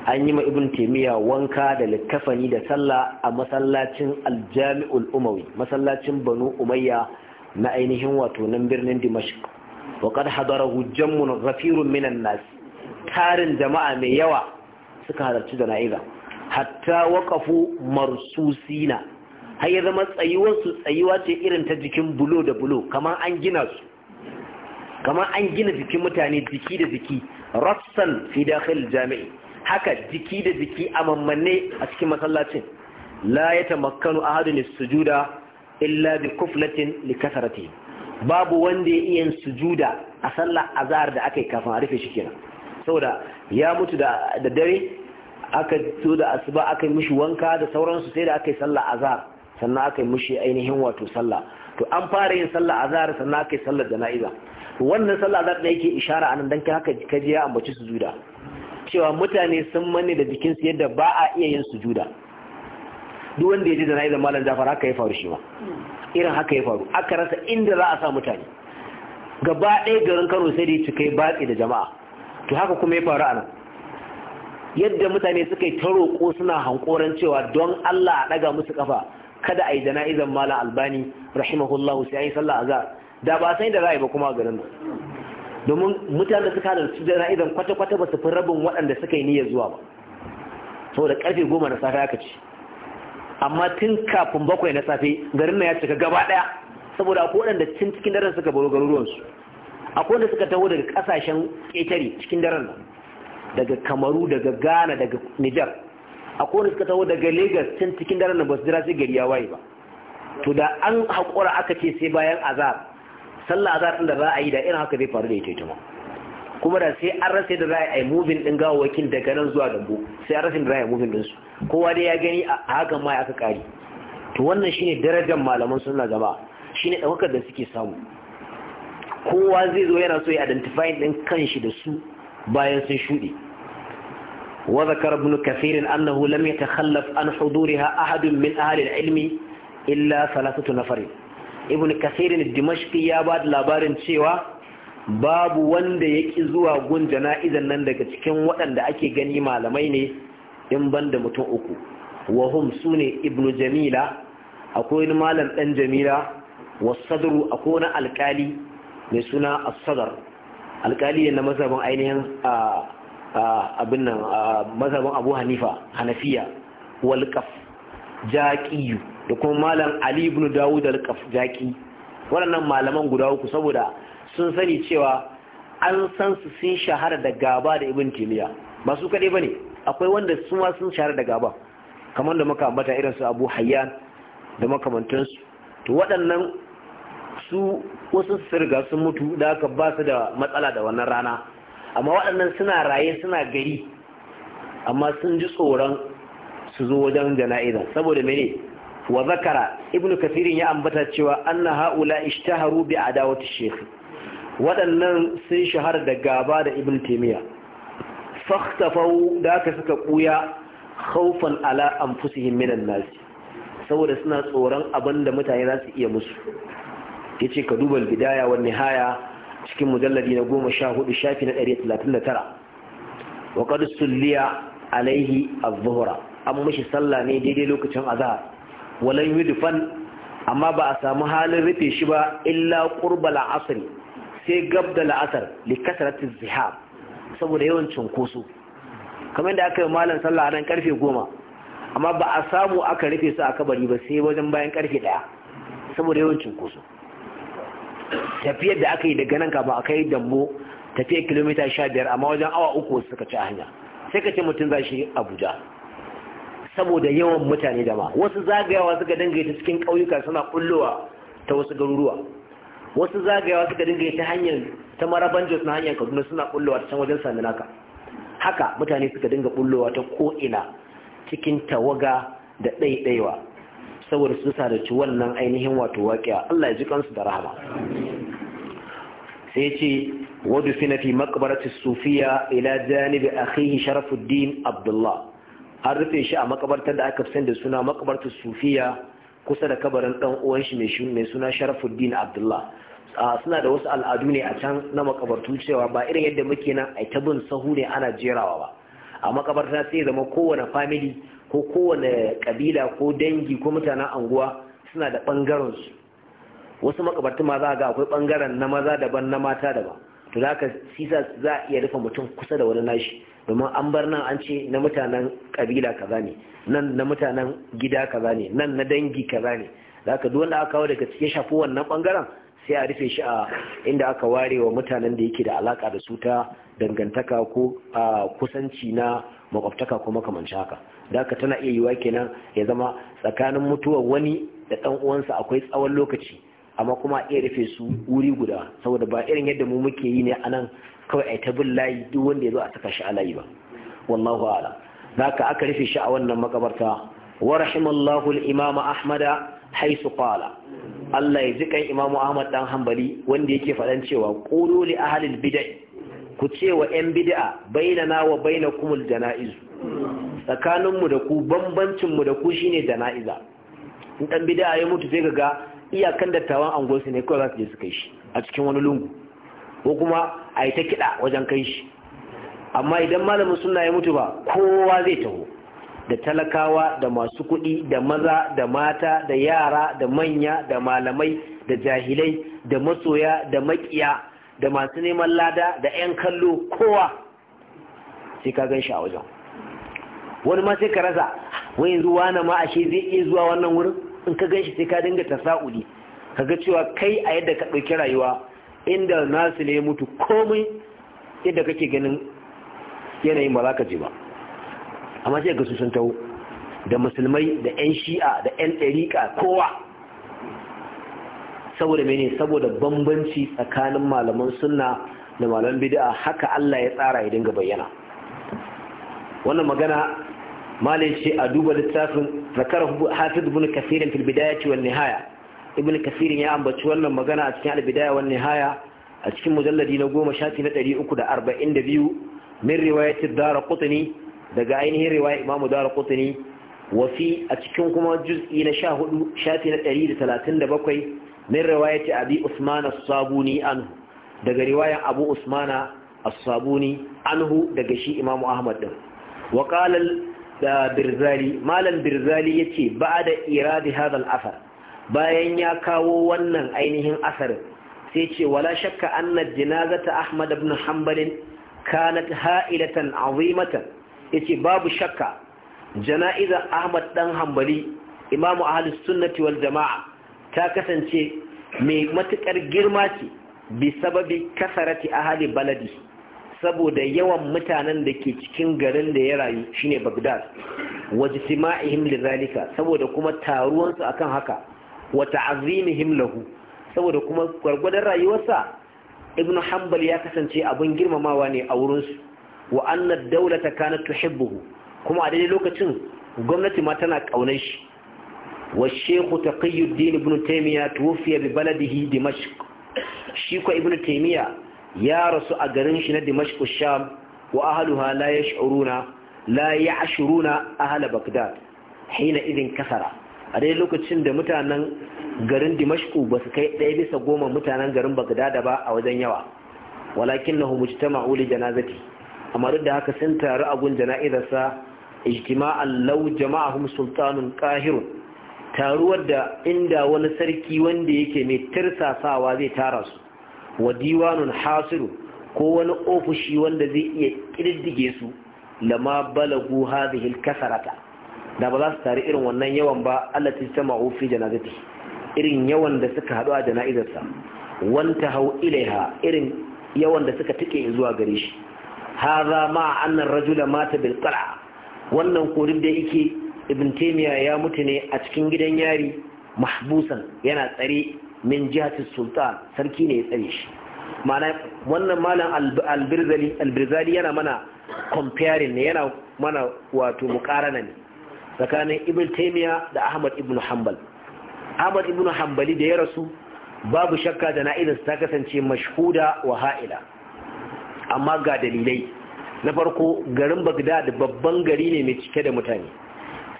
an yi ma ibn taimiyya wanka da littafani da sallah a masallacin aljami'ul umawi masallacin banu umayya na ainihin wato nan birnin dimashq wa qad hadarahu jammun rafirun minan nas tarin jama'a mai yawa suka halarci jana'iza hatta waqafu marsusina har ya zama su tsayuwa ce irin ta jikin bulo da bulo kamar an gina su kamar an gina jikin mutane jiki da jiki rassan fi dakhil jami'i haka jiki da jiki a mammanne a cikin masallacin la yatamakkanu ahadun sujuda illa bi kuflatin li kasarati babu wanda ya iya sujuda a sallar azhar da aka yi kafin a rufe shi kenan saboda ya mutu da dare aka zo da asuba aka yi mishi wanka da sauransu sai da aka yi sallar azhar sannan aka yi mishi ainihin wato sallah to an fara yin sallah azhar sannan aka yi sallar jana'iza wannan sallah azhar da yake ishara anan dan haka kaje ya ambaci sujuda cewa mutane sun manne da su yadda ba a iya yin sujuda duk wanda ya ji jana'iza malam Jafar haka ya faru shi ma irin haka ya faru aka rasa inda za a sa mutane gaba ɗaya garin Kano sai da cikai batsi da jama'a to haka kuma ya faru anan yadda mutane suka yi ta roƙo suna hankoran cewa don Allah a ɗaga musu kafa kada a ayi jana'izan mala albani rahimahullahu sai an yi sallah azhar da ba sai da za a yi ba kuma garin domin mutanen da suka halarci jana'izan kwata-kwata ba su fi rabin waɗanda suka yi niyya zuwa ba saboda karfe goma na safe aka ci amma tun kafin bakwai na safe garin na ya cika gaba ɗaya saboda akwai waɗanda tun cikin daren suka baro garuruwansu akwai wanda suka taho daga ƙasashen ƙetare cikin daren nan daga kamaru daga gana, daga nijar a kowane suka taho daga lagos can cikin daren da ba su jira sai gari ya waye ba to da an haƙura aka ce sai bayan azar sallah azar ɗin da za a yi da irin haka zai faru da ita ita ma kuma da sai an rasa da za a yi mubin ɗin gawawakin daga nan zuwa dambu sai an rasa da za a yi mubin ɗinsu kowa dai ya gani a hakan ma aka ƙari to wannan shine darajar malaman sunna gaba shine ɗaukar da suke samu kowa zai zo yana so ya identify ɗin kanshi da su bayan sun shuɗe وذكر ابن كثير أنه لم يتخلف عن حضورها أحد من أهل العلم إلا ثلاثة نفر ابن كثير الدمشقي يا بعد labarin cewa babu wanda ya ki zuwa gun jana'izan nan daga cikin waɗanda ake gani malamai ne in banda mutum uku wahum su ne ibnu jamila akwai wani malam ɗan jamila wasadru akwai wani alƙali mai suna asadar alƙali ne na mazhabin ainihin abin nan mazhabin abu hanifa hanafiya walƙaf jaƙiyu da kuma malam ali ibn dawud Walƙaf, jaƙi waɗannan malaman guda uku saboda sun sani cewa an san su sun shahara da gaba da ibn timiya ba su kaɗai ba ne akwai wanda su ma sun shahara da gaba kamar da muka ambata irin su abu hayyan da makamantansu to waɗannan su wasu sun riga sun mutu da aka ba su da matsala da wannan rana amma waɗannan suna raye suna gari amma sun ji tsoron su zo wajen jana'iza saboda mene wa zakara ibn kafirin ya ambata cewa anna haula ishtaharu bi adawati shaykh waɗannan sun shahara da gaba da ibn taymiya fakhtafu da aka suka kuya khawfan ala anfusihim minan nas saboda suna tsoron abinda mutane za su iya musu yace ka duba bidaya wa nihaya cikin mujalladi na goma sha hudu shafi na ɗari talatin da tara wa sulliya alaihi azuhura an mashi sallah ne daidai lokacin azahar walan yudfan amma ba a samu halin rufe shi ba illa qurba al sai gab da la'asar, asr li ziha, saboda yawan cunkoso kamar yadda aka yi malam sallah nan karfe goma amma ba a samu aka rufe su a kabari ba sai wajen bayan karfe daya saboda yawan cunkoso tafiyar da aka yi daga nan kafin aka yi dambo tafiyar kilomita sha biyar amma wajen awa uku wasu suka ci a hanya sai ka ce mutum za shi abuja saboda yawan mutane da ma wasu zagayawa suka dinga ta cikin ƙauyuka suna kullowa ta wasu garuruwa wasu zagayawa suka dinga ta hanyar ta maraban jos na hanyar kaduna suna kullowa ta can wajen sandunaka haka mutane suka dinga kullowa ta ko'ina cikin tawaga da ɗaiɗaiwa saboda sun sadarci wannan ainihin wato waƙiya Allah ya ji kansu da rahama sai ce wadu na fi makabarati sufiya ila janibi akhihi sharafuddin abdullah an rufe shi a makabartar da aka fi da suna makabartar sufiya kusa da kabarin ɗan uwan shi mai suna sharafuddin abdullah suna da wasu al'adu ne a can na makabartu cewa ba irin yadda muke nan a ta bin sahu ne ana jerawa ba a makabarta sai zama kowane family ko kowane kabila ko dangi ko mutanen anguwa suna da su wasu makabartun ma za ga akwai ɓangaren na maza daban na mata daban to za ka sisa za a iya rufe mutum kusa da wani nashi domin an bar nan an ce na mutanen kabila kaza ne nan na mutanen gida kaza ne nan na dangi kaza ne za ka duwanda aka kawo daga cikin shafi wannan ɓangaren sai a rufe shi a inda aka ware wa mutanen da yake da alaka da su ta dangantaka ko a kusanci na makwabtaka ko makamanci haka da haka tana iya yiwa kenan ya zama tsakanin mutuwar wani da ɗan uwansa akwai tsawon lokaci amma kuma iya rufe su wuri guda saboda ba irin yadda mu muke yi ne a nan kawai ai ta bin layi duk wanda ya zo a saka shi a layi ba wallahu a'lam da haka aka rufe shi a wannan makabarta wa rahimallahu al-imama ahmada haisu qala Allah ya ji kan imamu Ahmad dan Hanbali wanda yake faɗan cewa qulu li al bid'ah ku ce wa 'yan bid'a bainana wa kumul jana'izu tsakaninmu da ku bambancinmu da ku shine jana'iza in ɗan bid'a ya mutu sai gaga iyakan dattawan angosu ne kawai za su je su kai shi a cikin wani lungu ko kuma a yi ta kiɗa wajen kai shi amma idan malamin suna ya mutu ba kowa zai taho da talakawa da masu kuɗi da maza da mata da yara da manya da malamai da jahilai da masoya da maƙiya da masu neman lada da 'yan kallo kowa sai ka gan shi a wajen wani ma sai ka rasa wani yanzu wani ma ashe zai iya zuwa wannan wurin in ka gan shi sai ka dinga tasa'uli ka ga cewa kai a yadda ka ɗauki rayuwa inda nasu ne mutu komai yadda kake ganin yanayin ba za ka je ba amma sai ga su sun taho da musulmai da 'yan shi'a da 'yan ɗariƙa kowa saboda mene saboda bambanci tsakanin malaman sunna da malaman bid'a haka Allah ya tsara ya dinga bayyana wannan magana malai ce a duba littafin zakar hafiz ibn kasir fil bidayah wal nihaya ibn kasir ya ambaci wannan magana a cikin al bidayah wal nihaya a cikin mujalladi na 10 shafi na 342 min riwayat ad qutni daga ainihin riwaya imam ad qutni wa fi a cikin kuma juz'i na 14 shafi na 137 min riwayati abi usman as-sabuni anhu daga riwayan abu usmana as-sabuni anhu daga shi imam ahmad din wa qala birzali malam birzali yace ba'da iradi hadha al-athar bayan ya kawo wannan ainihin asarin sai ce wala shakka anna jinazata ahmad ibn hanbal kanat ha'ilatan azimatan yace babu shakka jana'iza ahmad dan hanbali imamu ahlus sunnati wal jama'a ta kasance mai matukar girma ce bi sababi kasarati ahali baladi saboda yawan mutanen da ke cikin garin da ya rayu shine Baghdad wajtima'ihim lidhalika saboda kuma taruwansu akan haka wa ta'zimihim lahu saboda kuma gwargwadon rayuwarsa ibnu hanbal ya kasance abin girmamawa ne a wurinsu wa annad dawlata kanat tuhibbuhu kuma a daidai lokacin gwamnati ma tana kaunar shi والشيخ تقي الدين ابن تيمية توفي ببلده دمشق شيخ ابن تيمية يا رسول أقرنشنا دمشق الشام وأهلها لا يشعرون لا يعشرون أهل بغداد حينئذ كثر a dai lokacin da mutanen garin dimashku ba su kai ɗaya bisa goma mutanen garin bagdada ba a wajen yawa walakin na humuci ta ma'uli janazati amma duk da haka sun taru a gun jana'izarsa ijtima'an lau jama'ahum sultanun qahirun taruwar da inda wani sarki wanda yake mai tirsasawa zai tara su wa diwanun hasiru ko wani ofishi wanda zai iya kirdige su lama balagu hadhihi kasarata da ba za su tare irin wannan yawan ba Allah ta sama ofi janazati irin yawan da suka hadu a jana'izarsa wanta hau ilaiha irin yawan da suka tike zuwa gare shi hadha ma annar rajula mata bil qala wannan korin da yake ibn taymiya ya mutu ne a cikin gidan yari mahbusan yana tsare min jihati sultan sarki ne ya tsare shi ma'ana wannan malam albirzali albirzali yana mana comparing ne yana mana wato mukarana ne tsakanin ibn taymiya da ahmad ibn hanbal ahmad ibn hanbali da ya rasu babu shakka da na'izar ta kasance mashhuda wa ha'ila amma ga dalilai na farko garin bagdad babban gari ne mai cike da mutane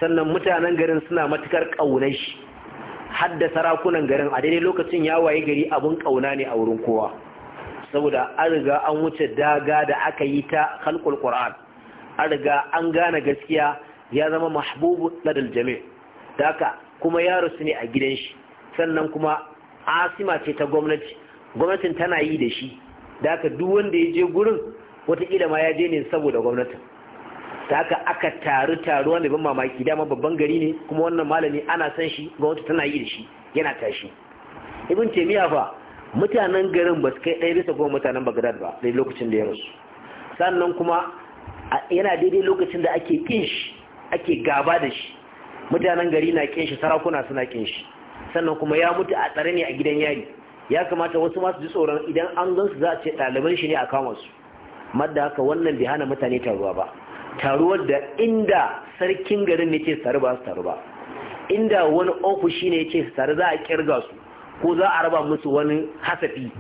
sannan mutanen garin suna matukar ƙaunar shi hadda sarakunan garin a daidai lokacin ya waye gari abin ƙauna ne a wurin kowa saboda an riga an wuce daga da aka yi ta halkul ƙura'an an riga an gane gaskiya ya zama mahbubu ladal da daka kuma yaro su ne a gidan shi sannan kuma asima ce ta gwamnati gwamnatin tana yi da shi daka duk wanda ya je gurin wataƙila ma ya je ne saboda gwamnatin ta haka aka taru taruwa da ban mamaki dama babban gari ne kuma wannan malami ana san shi wata tana yi da shi yana tashi ibn taymiya fa mutanen garin ba su kai ɗaya bisa goma mutanen bagdad ba dai lokacin da ya rasu sannan kuma yana daidai lokacin da ake kin shi ake gaba da shi mutanen gari na kin shi sarakuna suna kin shi sannan kuma ya mutu a tsare ne a gidan yari ya kamata wasu masu ji tsoron idan an gansu za a ce ɗaliban shi ne a kama su madda haka wannan bai hana mutane taruwa ba taruwar da inda sarkin garin ne ce su ba su taru ba inda wani ofishi ne ce su za a kirga su ko za a raba musu wani hasafi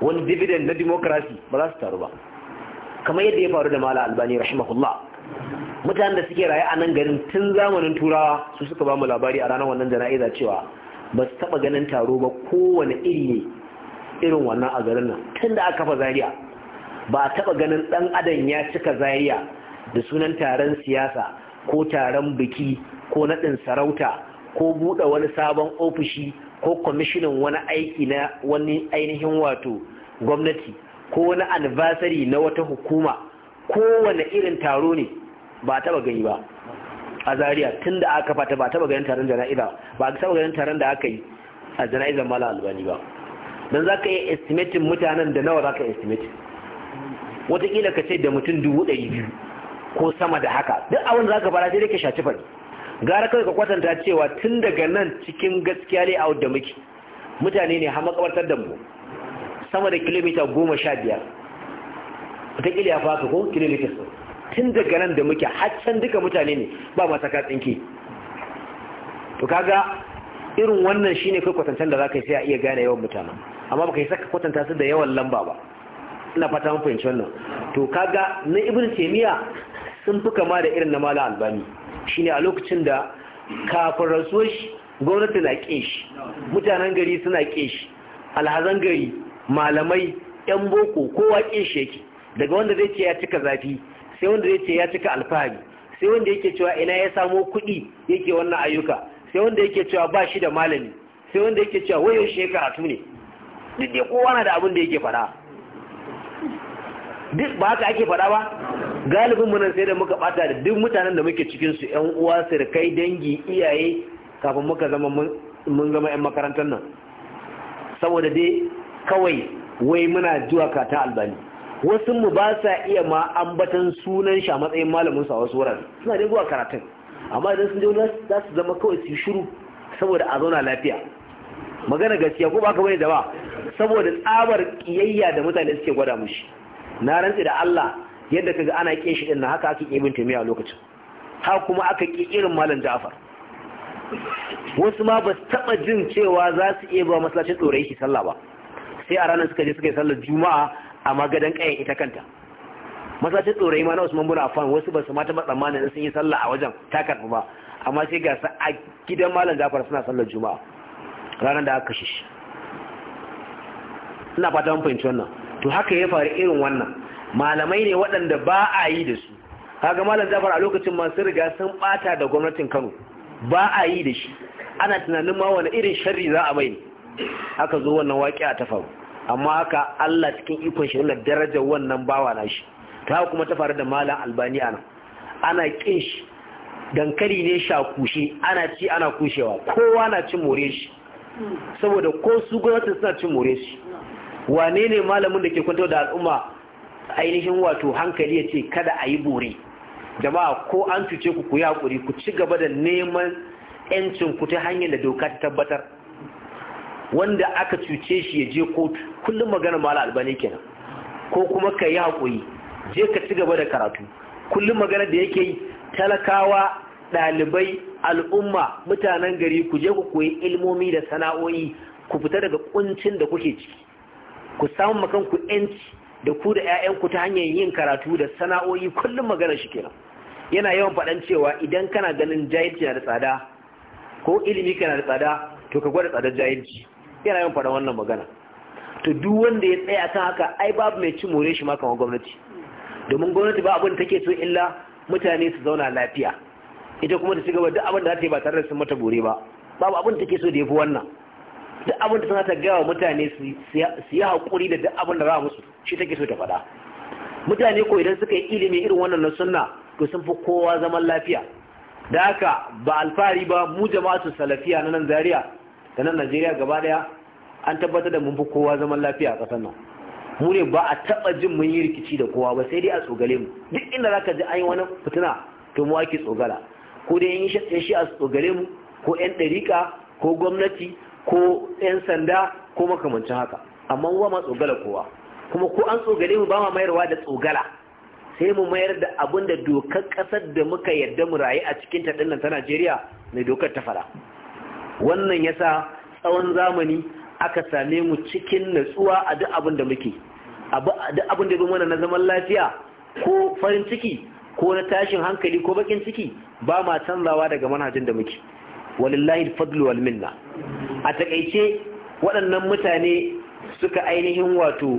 wani dividend na demokrasi ba za su taru ba kamar yadda ya faru da mala albani rahimahullah mutanen da suke raye a nan garin tun zamanin turawa su suka ba mu labari a ranar wannan jana'iza cewa ba su taba ganin taro ba kowane iri ne irin wannan a garin nan tun da aka fa zariya ba a taba ganin dan adam ya cika zariya. da sunan taron siyasa ko taron biki ko naɗin sarauta ko buɗe wani sabon ofishi ko kwamishinan wani aiki na wani ainihin wato gwamnati ko wani anniversary na wata hukuma kowane irin taro ne ba taba gani ba a Zariya tun da aka fata ba taba ganin taron jana'iza ba a taba ganin taron da aka yi a jana'izar mala albani ba don za ka yi estimatin mutanen da nawa za ka estimate watakila ka ce da mutum dubu ɗari biyu ko sama da haka duk abin da zaka fara sai ka shaci fari gara kai ka kwatanta cewa tun daga nan cikin gaskiya ne a wadda muke mutane ne har makabartar da mu sama da kilomita goma sha biyar wataƙila ya faka ko kilomita tun daga nan da muke haccan duka mutane ne ba masu tsinki. to kaga irin wannan shine kai kwatantar da zaka yi sai a iya gane yawan mutanen amma baka yi saka kwatanta su da yawan lamba ba ina fata mun fahimci wannan to kaga na ibnu taymiya sun fi kama da irin na mala albani ne a lokacin da kafin rasuwar shi gwamnati na ƙin shi mutanen gari suna ƙin shi alhazan gari malamai yan boko kowa ƙin shi yake daga wanda zai ce ya cika zafi sai wanda zai ce ya cika alfahari sai wanda yake cewa ina ya samo kuɗi yake wannan ayyuka sai wanda yake cewa ba shi da malami sai wanda yake cewa wayo shi karatu ne duk dai kowa na da abin da yake fara duk ba haka ake faɗa ba galibin mu nan sai da muka bata da duk mutanen da muke cikin su yan uwa sirkai dangi iyaye kafin muka zama mun zama 'yan makarantar nan saboda dai kawai wai muna zuwa kata albani wasu mu ba sa iya ma ambatan sunan shi a matsayin malamin sa a wasu wurare suna dai zuwa karatun amma idan sun je za su zama kawai su shiru saboda a zauna lafiya magana gaskiya ko ba ka bane da ba saboda tsabar kiyayya da mutane suke gwada mushi na rantsi da Allah yadda kaga ana kin shi din haka ake kin ibn taymiya lokacin ha kuma aka ki irin malam Ja'far wasu ma ba taba jin cewa za su iya ba masallacin tsorai shi sallah ba sai a ranar suka je suka yi sallar juma'a a magadan kayan ita kanta masallacin tsorai ma na Usman bin Affan wasu ba su ma taba tsammanin sun yi sallah a wajen ta ba amma sai ga a gidan malam Ja'far suna sallar juma'a ranar da aka kashe shi ina fata mun fahimci wannan to haka ya faru irin wannan malamai ne waɗanda ba a yi da su kaga malam Jafar a lokacin masu riga sun bata da gwamnatin Kano ba a yi da shi ana tunanin ma wani irin sharri za a mai Aka zo wannan waƙi a tafaru amma haka Allah cikin ikon shi da darajar wannan bawa na shi ta kuma ta faru da malam albani a nan ana kin shi dankali ne sha kushe ana ci ana kushewa kowa na cin more shi saboda ko su gwamnatin suna cin more shi wane ne malamin da ke kwantar da al'umma ainihin wato hankali ya ce kada a yi bore jama'a ko an cuce ku ku yi haƙuri ku ci gaba da neman 'yancin ku ta hanyar da doka ta tabbatar wanda aka cuce shi ya je kotu kullum magana mala albani kenan ko kuma ka yi haƙuri je ka ci gaba da karatu kullum magana da yake yi talakawa ɗalibai al'umma mutanen gari ku je ku koyi ilmomi da sana'o'i ku fita daga kuncin da kuke ciki ku samu kanku yanci da ku da 'ya'yanku ta hanyar yin karatu da sana'o'i kullum magana shi kenan yana yawan faɗan cewa idan kana ganin jahilci na da tsada ko ilimi kana da tsada to ka gwada tsadar jahilci yana yawan faɗan wannan magana to duk wanda ya tsaya kan haka ai babu mai cin more shi ma kamar gwamnati domin gwamnati ba abin da take so illa mutane su zauna lafiya ita kuma ta ci gaba duk abin da ta yi ba tare da sun mata gore ba babu abin da take so da ya fi wannan duk abin da suna ta gaya wa mutane su yi haƙuri da duk abin da za musu shi take so ta faɗa mutane ko idan suka yi ilimi irin wannan na sunna to sun fi kowa zaman lafiya da haka ba alfahari ba mu jama'a jama'atu salafiya na nan Zariya da nan najeriya gaba daya an tabbatar da mun fi kowa zaman lafiya a ƙasar nan mu ne ba a taɓa jin mun yi rikici da kowa ba sai dai a tsogale mu duk inda za ka ji an yi wani fitina to mu ake tsogala ko dai yan shi a tsogale mu ko yan ɗariƙa ko gwamnati ko 'yan sanda ko makamancin haka amma wa ma tsogala kowa kuma ko an tsogale mu ba ma mayarwa da tsogala sai mu mayar da abin da dokar ƙasar da muka yarda mu rayu a cikin ta ta Najeriya mai dokar ta fara wannan yasa tsawon zamani aka same mu cikin natsuwa a duk abin da muke duk abin da mana na zaman lafiya ko farin ciki ko na tashin hankali ko bakin ciki ba ma canzawa daga manhajin da muke walillahi fadlu wal minna a takaice waɗannan mutane suka ainihin wato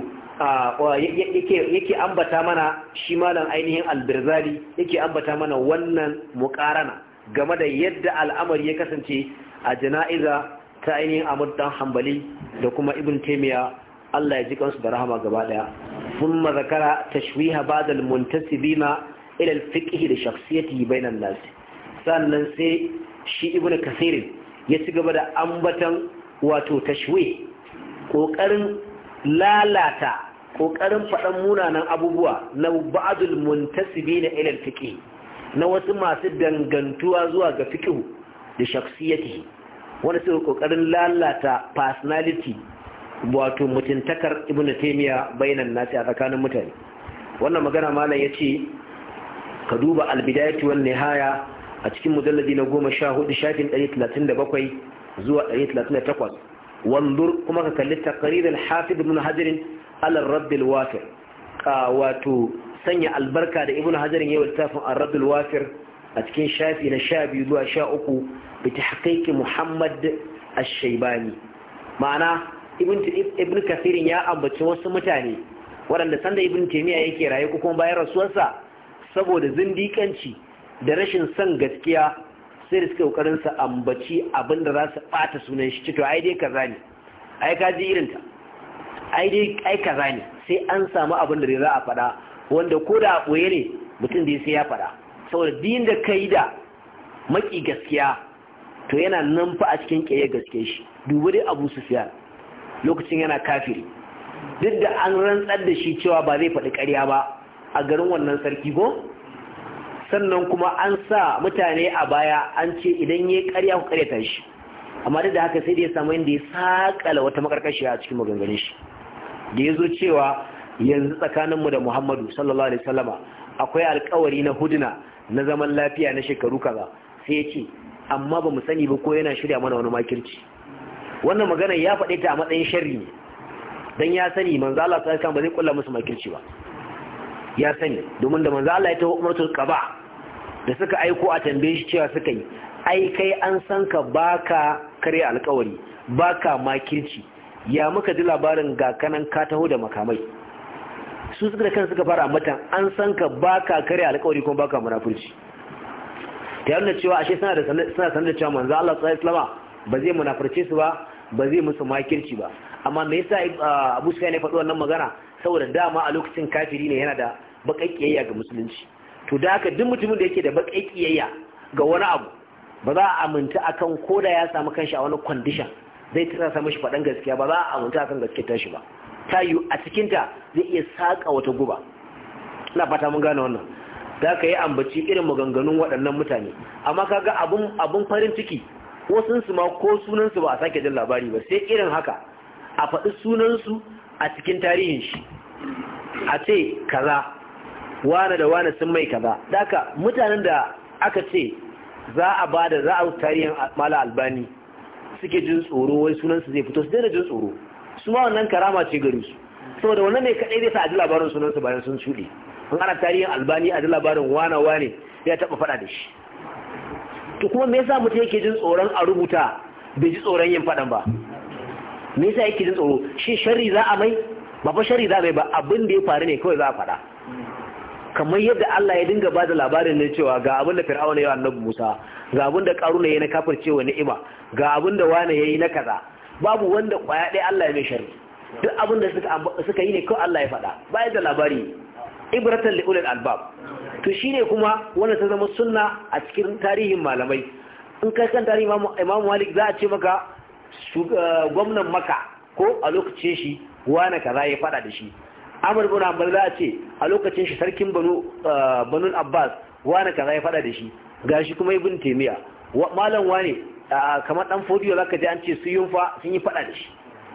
yake ambata mana shi malam ainihin albirzali yake ambata mana wannan muƙarana game da yadda al'amari ya kasance a jana'iza ta ainihin amurdan hambali da kuma ibn taimiyya Allah ya ji kansu da rahama gaba daya sun mazakara tashwiha badal muntasibina ila alfiqh da shaksiyati bainan nas sannan sai shi Ibn kasir ya ci gaba da ambatan wato tashwe kokarin lalata kokarin faɗan munanan abubuwa na ba'dul muntasibina ila al-fiqh na wasu masu dangantuwa zuwa ga fiqh da shakhsiyatihi wanda suka kokarin lalata personality wato mutuntakar ibn taymiya bainan nasi a tsakanin mutane wannan magana malam yace ka duba al-bidayatu nihaya a cikin mujalladi na goma sha hudu shafin ɗari talatin da bakwai zuwa ɗari talatin da takwas wanzur kuma ka kalli taqrir al da ibn hajar ala rabb wafir wato sanya albarka da ibn hajar yau littafin ar-rabb wafir a cikin shafi na sha biyu zuwa sha uku bita haƙaƙi muhammad ashaibani ma'ana ibn ibn ya ambaci wasu mutane waɗanda sanda ibn taymiya yake raye ko kuma bayan rasuwarsa saboda zindikanci da rashin son gaskiya sai da suka kokarin sa ambaci abin da za su bata sunan shi cito ai dai kaza ne ai ka ji irinta ai dai ai kaza ne sai an samu abin da za a faɗa wanda ko da a ɓoye ne mutum da sai ya faɗa saboda din da kai da maki gaskiya to yana nan fa a cikin kiyaye gaske shi dubi dai abu siya lokacin yana kafiri duk da an rantsar da shi cewa ba zai faɗi ƙarya ba a garin wannan sarki ko sannan kuma an sa mutane a baya an ce idan ya karya ku karyata shi amma duk da haka sai da ya samu inda ya sakala wata makarkashi a cikin maganganun shi da ya zo cewa yanzu tsakaninmu da muhammadu sallallahu alaihi sallama akwai alkawari na huduna na zaman lafiya na shekaru kaza sai ya ce amma ba mu sani ba ko yana shirya mana wani makirci wannan maganar ya faɗe ta a matsayin sharri ne dan ya sani manzo Allah ta kan ba zai kulla musu makirci ba ya sani domin da manzo Allah ya taho umratul qaba da suka aiko a tambaye shi cewa suka yi ai kai an san ka baka kare alkawari baka makirci ya muka ji labarin ga kanan ka taho da makamai su suka da kan suka fara matan an san ka baka kare alkawari kuma baka munafurci ta yana cewa ashe suna da sanar da cewa manzo Allah sallallahu alaihi wasallam ba zai munafurce su ba ba zai musu makirci ba amma me yasa ah, Abu Sufyan ya faɗi wannan magana saboda dama a lokacin kafiri ne yana da bakakkiyayya ga musulunci to da haka duk mutumin da yake da baƙi ga wani abu ba za a aminta akan ko da ya samu kanshi a wani condition zai samu shi faɗan gaskiya ba za a aminta akan gaskiyar tashi ba ta yi a cikinta zai iya saƙa wata guba ina fata mun gane wannan da ka yi ambaci irin maganganun waɗannan mutane amma kaga abun abun farin ciki sun su ma ko sunansu ba a sake jin labari ba sai irin haka a faɗi sunansu a cikin tarihin shi a ce kaza wane da wane sun mai kaza daga mutanen da aka ce za a ba da za a tarihin mala albani suke jin tsoro wai sunansu zai fito su daina jin tsoro su ma wannan karama ce gari su saboda wannan ne kadai zai sa a ji labarin sunansu bayan sun shuɗe an ana tarihin albani a ji labarin wana wane ya taɓa faɗa da shi to kuma me yasa mutum yake jin tsoron a rubuta bai ji tsoron yin faɗan ba me yasa yake jin tsoro shi sharri za a mai ba fa sharri za a mai ba abin da ya faru ne kawai za a faɗa kamar yadda Allah ya dinga bada labarin ne cewa ga abin da Fir'auna ya annabi Musa ga abin da Qaruna ya na wa ni'ima ga abin da wani yayi na kaza babu wanda kwaya dai Allah ya mai sharri duk abin da suka yi ne kawai Allah ya faɗa bayan da labari ibratan li ulil albab to shine kuma wannan ta zama sunna a cikin tarihin malamai in kai kan tarihin Imam Malik za a ce maka gwamnan maka ko a lokacin shi wani kaza ya faɗa da shi amur bin ambal za a ce a lokacin shi sarkin banun uh, abbas wane kaza ya fada da shi ga shi kuma ibn taimiya malam wane kamar dan fodiyo zaka ji an ce sun yi fada da shi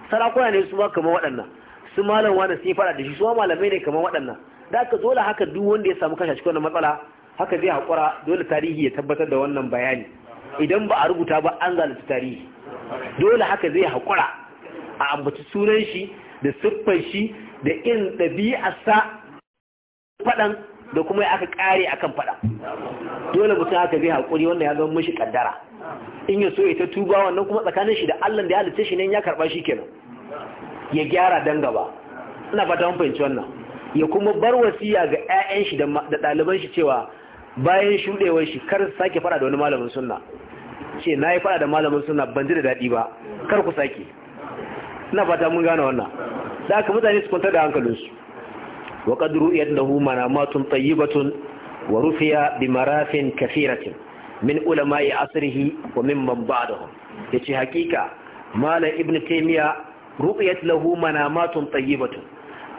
sarakuna ne su ma kamar waɗannan su malam wane sun yi fada da shi su ma malamai ne kamar waɗannan da aka dole haka duk wanda ya samu kashe cikin wannan matsala haka zai haƙura dole tarihi ya tabbatar da wannan bayani idan ba a rubuta ba an zalunci tarihi dole haka zai haƙura a ambaci sunan shi da siffar shi da irin ɗabi'arsa faɗan da kuma ya aka ƙare akan faɗan. dole mutum aka bi haƙuri wanda ya zama mashi ƙaddara in ya so ya ta tuba wannan kuma tsakanin shi da Allah da ya halitta shi ne ya karɓa shi kenan ya gyara dan gaba ina fata mun fahimci wannan ya kuma bar wasiya ga 'ya'yan shi da ɗaliban shi cewa bayan shuɗewar shi kar sake faɗa da wani malamin sunna ce na yi faɗa da malamin sunna ban ji da daɗi ba kar ku sake ina fata mun gane wannan da aka mutane su kwantar da hankalinsu wa qadru yadahu matun tayyibatun wa rufiya bi marafin kafiratin min ya asirihi wa hun Ya ce hakika malam ibnu taymiya ruqyat lahu matun tayyibatun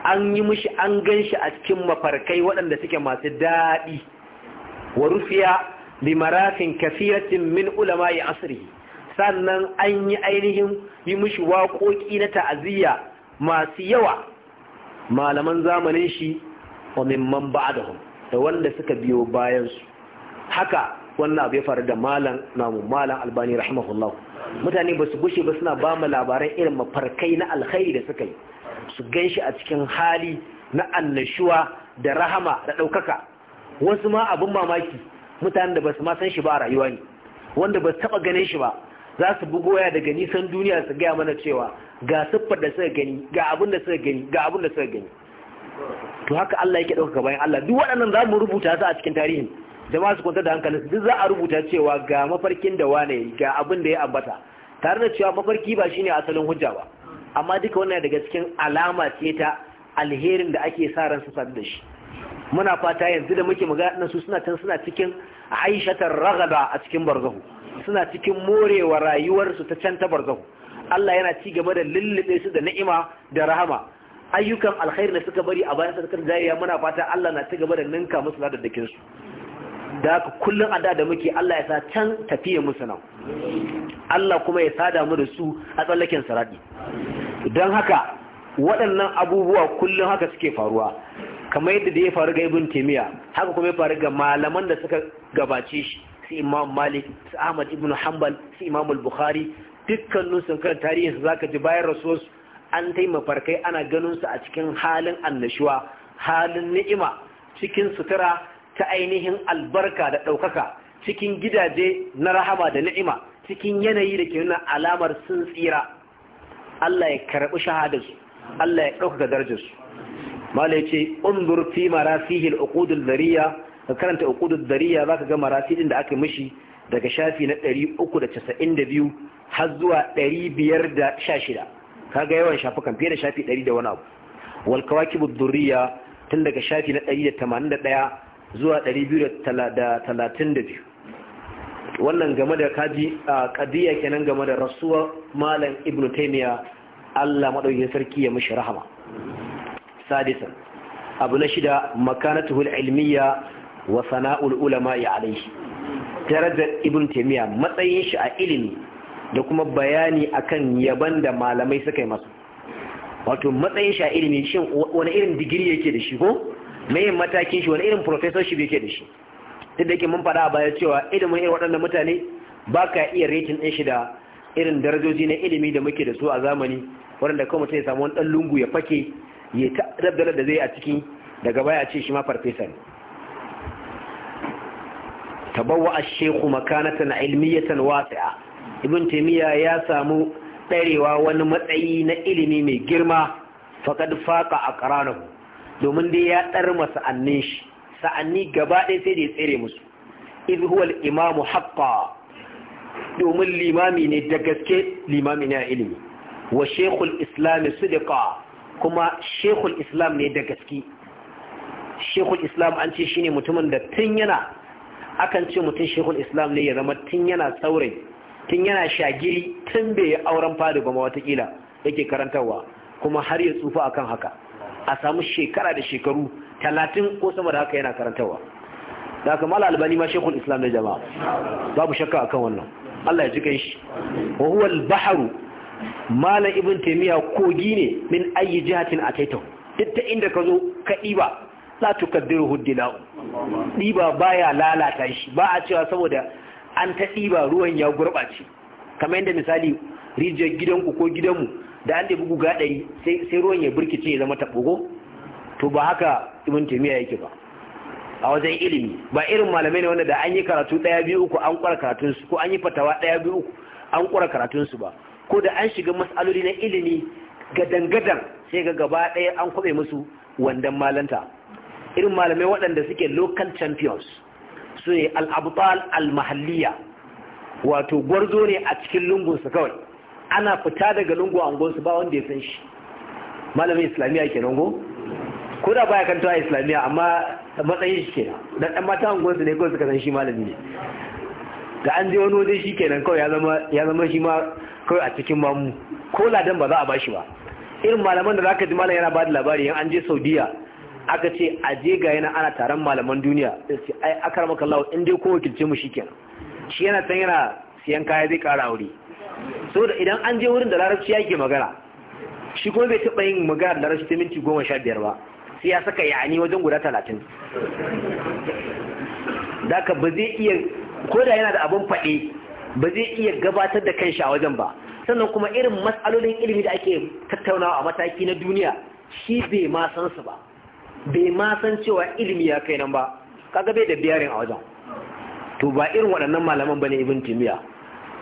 an yi mishi an gan shi a cikin mafarkai waɗanda suke masu daɗi wa rufiya bi marafin kafiratin min ya asirihi sannan an yi ainihin yi mishi waƙoƙi na ta'aziyya masu yawa malaman zamanin shi wa mimman ba'dahum da wanda suka biyo bayansu haka wannan abu ya faru da malam namu malam albani rahimahullah mutane ba su gushe ba suna ba mu labaran irin mafarkai na alkhairi da suka yi su ganshi a cikin hali na annashuwa da rahama da ɗaukaka wasu ma abin mamaki mutanen da ba su ma san shi ba a rayuwa ne wanda ba su taɓa ganin shi ba za su bugo ya daga nisan duniya su gaya mana cewa ga siffar da suka gani ga abin da suka gani ga abin da suka gani to haka Allah yake dauka bayan Allah duk waɗannan za mu rubuta su a cikin tarihin jama'a su kwantar da hankali, duk za a rubuta cewa ga mafarkin da wane ga abin da ya ambata tare da cewa mafarki ba shine asalin hujja ba amma duka wannan daga cikin alama ce ta alherin da ake sa ran su sadu da shi muna fata yanzu da muke magana su suna can suna cikin aishatar ragaba a cikin barzahu suna cikin morewa rayuwarsu ta can ta barzahu Allah yana ci gaba da lullube su da ni'ima da rahama ayyukan alkhairi da suka bari a bayan sadakar jariya muna fata Allah na ci gaba da ninka musu da dakin su da haka kullum ada da muke Allah ya sa can tafiye musu nan Allah kuma ya sada mu da su a tsallaken saradi don haka waɗannan abubuwa kullum haka suke faruwa kamar yadda da ya faru ga ibn taymiya haka kuma ya faru ga malaman da suka gabace shi su imam malik su ahmad ibn hanbal su imam al-bukhari dukkanin sun kan tarihi zaka ji bayan rasuwar an taimaka ana ganin su a cikin halin annashuwa halin ni'ima cikin sutura ta ainihin albarka da ɗaukaka cikin gidaje na rahama da ni'ima cikin yanayi da ke nuna alamar sun tsira Allah ya karɓi shahadarsu Allah ya ɗaukaka darajarsu malai ce unzur fi marasihil uqudul zariya ka karanta uqudud dariya zaka ga marasidin da aka mishi daga shafi na 392 har zuwa 516 kaga yawan shafukan fiye da shafi 100 da wani abu wal kawakibud durriya tun daga shafi na 181 zuwa 232 wannan game da kaji a kadiya kenan game da rasuwar malam ibn taymiya Allah madaukakin sarki ya mishi rahama sadisan abu na shida makanatuhul ilmiya wa sana'ul ulama ya alaihi darajar ibn taymiya matsayin shi a ilimi da kuma bayani akan yaban da malamai suka yi masa wato matsayin shi a ilimi shin wani irin digiri yake da shi ko yin matakin shi wani irin professorship yake da shi duk da yake mun faɗa a baya cewa ilimin irin waɗannan mutane ba ka iya rating ɗin shi da irin darajoji na ilimi da muke da su a zamani waɗanda kawai mutum ya samu wani ɗan lungu ya fake ya ta da zai a ciki daga baya a ce shi ma farfesa ne tabawa ash-shaykhu makanatan ilmiyatan wasi'a ibn taimiyya ya samu ɗarewa wani matsayi na ilimi mai girma faƙad faƙa a ƙaranahu domin dai ya ɗarma sa'annin shi sa'anni gaba ɗaya sai da ya tsere musu iz huwal imamu haqqa domin limami ne da gaske limami ne a ilimi wa shekul islam sidqa kuma shekul islam ne da gaske shekul islam an ce shine mutumin da tun yana akan ce mutum shehun islam ne ya zama tun yana saurayi tun yana shagiri tun bai auren fadi ba ma watakila yake karantarwa kuma har ya tsufa akan haka a samu shekara da shekaru talatin ko sama da haka yana karantarwa da haka mala albani ma shekul islam na jama'a babu shakka akan wannan Allah ya ji kai shi wa huwa al malam ibn taymiya kogi ne min ayyi jihatin ataitahu duk ta inda ka zo ka ɗiba la tukaddiru huddila'u ɗiba baya lalata shi ba a cewa saboda an ta ɗiba ruwan ya gurbaci, kamar yadda misali rijiyar gidanku ko gidanmu da an bugu ga ɗari sai ruwan ya birkice ya zama taɓogo to ba haka ibn taimiyya yake ba a wajen ilimi ba irin malamai ne wanda da an yi karatu ɗaya biyu uku an ƙwara karatunsu ko an yi fatawa ɗaya biyu uku an ƙwara karatunsu ba ko da an shiga mas'aloli na ilimi gadan-gadan sai ga gaba ɗaya an kwabe musu wandan malanta irin malamai waɗanda suke local champions su ne al'abutal al-mahalliya wato gwarzo ne a cikin lungunsu kawai ana fita daga lungu angonsu ba wanda ya san shi malamin islamiyya ke nango ko da baya kantawa islamiyya amma matsayin shi ke nan ɗan mata angonsu ne kawai suka san shi malami ne da an je wani waje shi kenan kawai ya zama shi ma kawai a cikin mamu ko ladan ba za a bashi ba irin malaman da za ka ji malam yana ba da labari yan an je saudiya aka ce a je ga yana ana taron malaman duniya sai ai aka maka Allah in dai ko wakilce mu shikenan shi yana san yana siyan kaya zai kara aure saboda idan an je wurin da larabci yake magana shi kuma bai taba yin magana da larabci ta minti goma sha biyar ba sai ya saka yani wajen guda talatin daka ba zai iya ko da yana da abun faɗe ba zai iya gabatar da kanshi a wajen ba sannan kuma irin matsalolin ilimi da ake tattaunawa a mataki na duniya shi bai ma san su ba bai ma san cewa ilimi ya kai nan ba kaga bai da biyarin a wajen to ba irin waɗannan malaman bane ibn timiya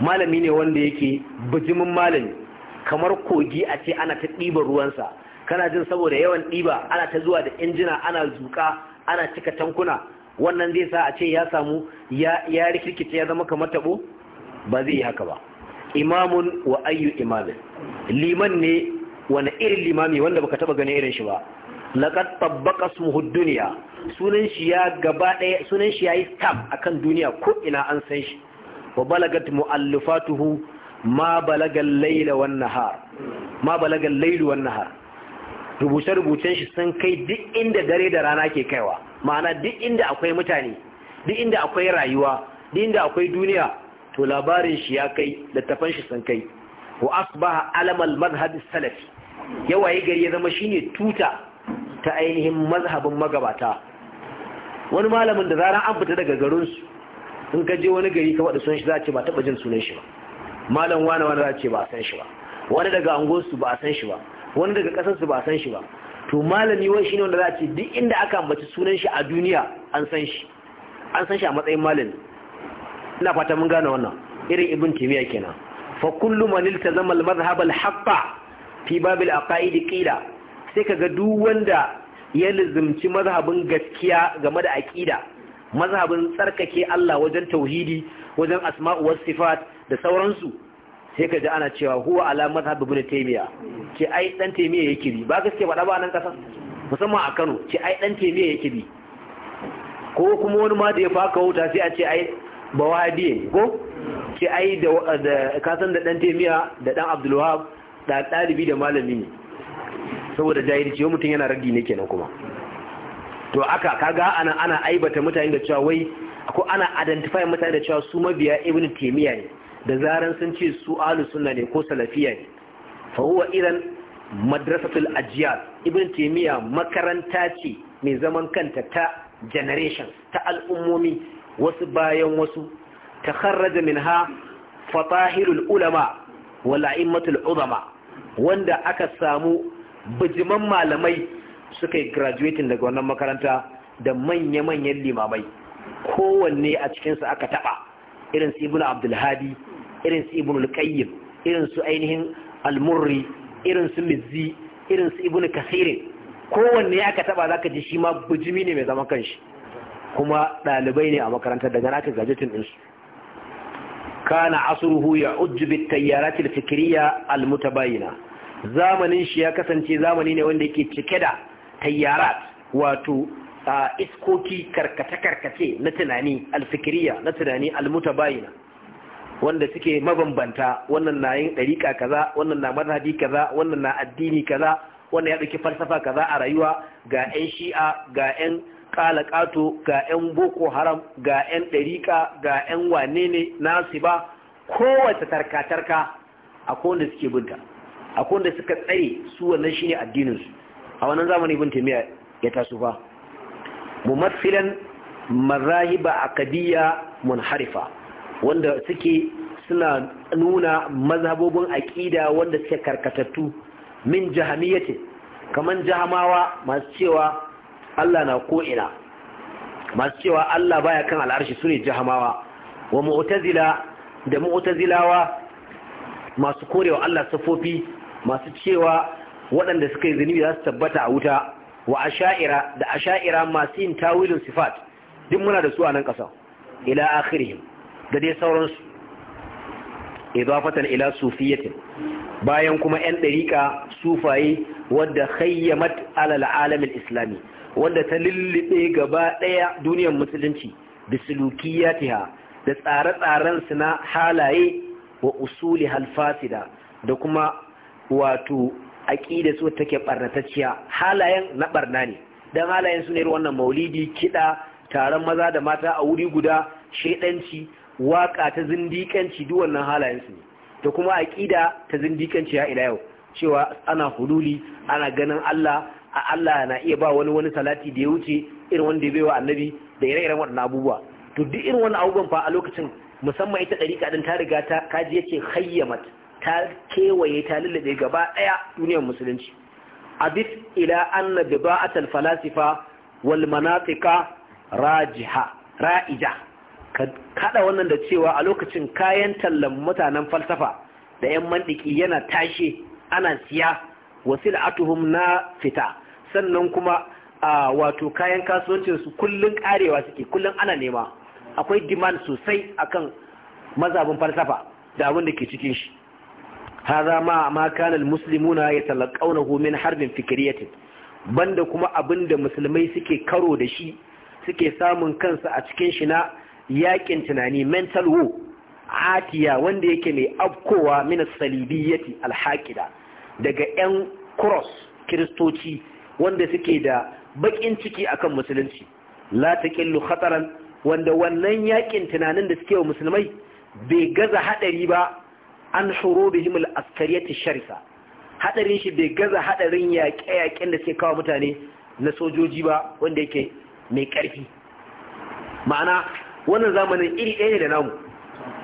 malami ne wanda yake bijimin malami kamar kogi a ce ana ta ɗiba ruwansa kana jin saboda yawan ɗiba ana ta zuwa da injina ana zuka ana cika tankuna wannan zai sa a ce ya samu ya rikirkice ya zama kamar taɓo ba zai yi haka ba imamun wa ayyu imamin liman ne wani irin limami wanda baka taɓa ganin irin shi ba laqad tabbaqa ismuhu dunya sunan shi ya gaba daya sunan shi yayi stamp akan duniya ko ina an san shi wa balagat muallafatuhu ma balaga al-layla wan nahar ma balaga al-layl wan nahar rubuce rubucen shi sun kai duk inda dare da rana ke kaiwa ma'ana duk inda akwai mutane duk inda akwai rayuwa duk inda akwai duniya to labarin shi ya kai littafan shi sun kai wa asbaha alamal madhhab salafi yawaye gari ya zama shine tuta ta ainihin mazhabin magabata wani malamin da zara an fita daga garinsu in ka je wani gari ka faɗi sunan shi za a ce ba taɓa jin sunan shi ba malam wani wani za ce ba a san shi ba wani daga angonsu ba a san shi ba wani daga ƙasarsu ba a san shi ba to malami wani shine wanda za ce duk inda aka ambaci sunan shi a duniya an san shi an san shi a matsayin malami ina fata mun gane wannan irin ibn timiya kenan fa kullu man iltazama al-madhhab al-haqqa fi bab al-aqaid qila sai ka ga duk wanda ya lizimci mazhabin gaskiya game da aƙida mazhabin tsarkake Allah wajen tauhidi wajen asma'u was sifat da sauransu sai ka ji ana cewa huwa ala mazhab ibn taymiya ce ai dan taymiya yake bi ba ba faɗa ba nan kasa musamman a Kano ce ai dan taymiya yake bi ko kuma wani ma da ya faka wuta sai a ce ai bawadi ko ce ai da ka san da dan taymiya da dan abdul wahab da dalibi da malami ne saboda jahilci yau mutum yana raddi ne kenan kuma to aka kaga ana ana aibata mutane da cewa wai ko ana identify mutane da cewa su mabiya ibn taymiya ne da zaran sun ce su ahlu sunna ne ko salafiya ne fa huwa idan madrasatul ajyal ibn taymiya makaranta ce mai zaman kanta ta generation ta al'ummomi wasu bayan wasu takharraja minha fatahirul ulama wal a'immatul wanda aka samu bijiman malamai suka yi graduating daga wannan makaranta da manya-manyan limamai kowanne a cikinsu aka taɓa irin su ibn abdulhadi irin su ibn al irin su ainihin almurri murri irin su mizzi irin su ibn kasirin kowanne aka taɓa ka ji shi ma bijimi ne mai zaman kanshi kuma ɗalibai ne a makaranta daga naka gajetin ɗinsu kana asuruhu ya ujjubi bit tayyarati al-mutabayina zamanin shi ya kasance zamani ne wanda yake cike da tayyarat wato iskoki karkace-karkace na tunani alfikiriya na tunani almutabayina wanda suke mabambanta wannan na yin ɗariƙa kaza wannan na mazhabi kaza wannan na addini kaza wannan ya ɗauki falsafa kaza a rayuwa ga 'yan shi'a ga 'yan ƙalaƙato ga 'yan boko haram ga 'yan ɗariƙa ga 'yan wane ne nasu ba kowace tarka-tarka a kowanda suke binta akwai wanda suka tsare su wannan shine addininsu, a wannan zamani ibn taymiya ya taso fa mumathilan marahiba mun munharifa wanda suke suna nuna mazhabobin aqida wanda suke karkatattu min jahamiyati Kamar jahamawa masu cewa Allah na ko masu cewa Allah baya kan al'arshi sune jahamawa wa mu'tazila da mu'tazilawa masu korewa Allah safofi masu cewa waɗanda suka yi zunubi za su tabbata a wuta wa asha'ira da asha'ira masu yin tawilin sifat duk muna da su a nan ƙasa ila akhirihim da dai sauransu idafatan ila sufiyatin bayan kuma yan dariƙa sufaye wadda khayyamat alal alamin islami wanda ta lullube gaba ɗaya duniyar musulunci da sulukiyatiha da tsare-tsaren su na halaye wa usuli halfasida da kuma wato aƙida su take barnatacciya halayen na ɓarna ne dan halayen su ne wannan maulidi kiɗa taron maza da mata a wuri guda shaidanci waƙa ta zindikanci duk wannan halayen su ne da kuma aƙida ta zindikanci ya ila yau cewa ana hululi ana ganin Allah a Allah na iya ba wani wani salati da ya wuce irin wanda ya baiwa annabi da ire-iren waɗannan abubuwa to duk irin wani abubuwan fa a lokacin musamman ita ɗariƙa ɗin ta riga ta kaji yake hayyamat ta kewaye ta lullube gaba ɗaya duniyar musulunci abis ila anna bida'atul falasifa wal manatika rajiha ra'ija kada wannan da cewa a lokacin kayan tallan mutanen falsafa da yan mandiki yana tashe ana siya wasil'atuhum na fita sannan kuma a wato kayan kasuwancin su kullun karewa suke kullun ana nema akwai demand sosai akan mazabin falsafa da abin da ke cikin shi هذا ما ما كان المسلمون يتلقونه من harbin fikriyatin banda kuma abinda musulmai suke karo da shi suke samun kansa a cikin shi na yakin tunani mental wo? atiya wanda yake mai afkowa min salibiyyati alhaqida daga yan cross kristoci wanda suke da bakin ciki akan musulunci la taqillu khataran wanda wannan yakin tunanin da suke wa musulmai bai gaza hadari ba an hurubihim al-askariyati sharifa hadarin shi bai gaza hadarin yaƙe-yaƙen da suke kawo mutane na sojoji ba wanda yake mai ƙarfi ma'ana wannan zamanin iri ɗaya ne da namu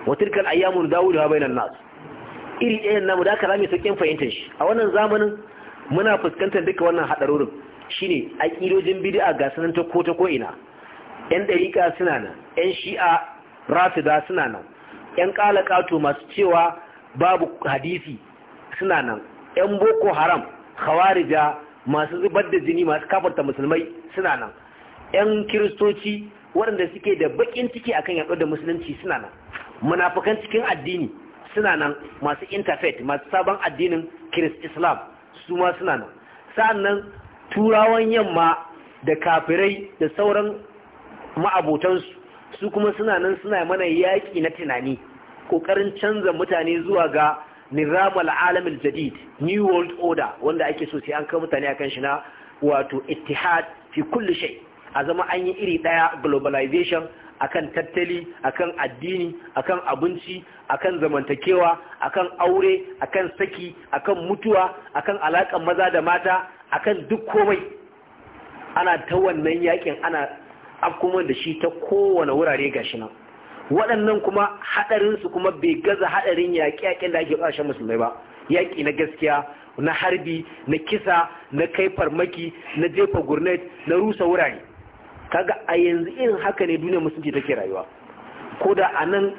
watirkar ayyamun dawudu ha bainan nas iri ɗaya ne namu da aka rami sauƙin fahimtar shi a wannan zamanin muna fuskantar duka wannan hadarorin shine aƙidojin a ga sanan ta ko ta ko ina yan ɗarika suna nan yan shi'a rafida suna nan yan ƙalaƙato masu cewa babu hadisi suna nan yan boko haram khawarija masu zubar da jini masu kafarta musulmai suna nan yan kiristoci waɗanda suke da baƙin ciki akan yaɗo da musulunci suna nan munafukan cikin addini suna nan masu interfaith masu sabon addinin kirist islam su ma suna nan sa'annan turawan yamma da kafirai da sauran ma'abotansu su kuma suna nan suna mana yaƙi na tunani kokarin canza mutane zuwa ga nizam al'alam al-jadid new world order wanda ake so sai an kai mutane akan shi na wato ittihad fi kulli shay a zama an yi iri daya globalization akan tattali akan addini akan abinci akan zamantakewa akan aure akan saki akan mutuwa akan alakan maza da mata akan duk komai ana ta wannan yakin ana akuma da shi ta kowane wurare gashi nan waɗannan kuma haɗarinsu kuma bai gaza haɗarin yaƙe-yaƙen da ake ƙasashen musulmai ba yaƙi na gaskiya na harbi na kisa na kai farmaki na jefa gurnet na rusa wurare kaga a yanzu irin haka ne duniya musulunci take rayuwa ko da a nan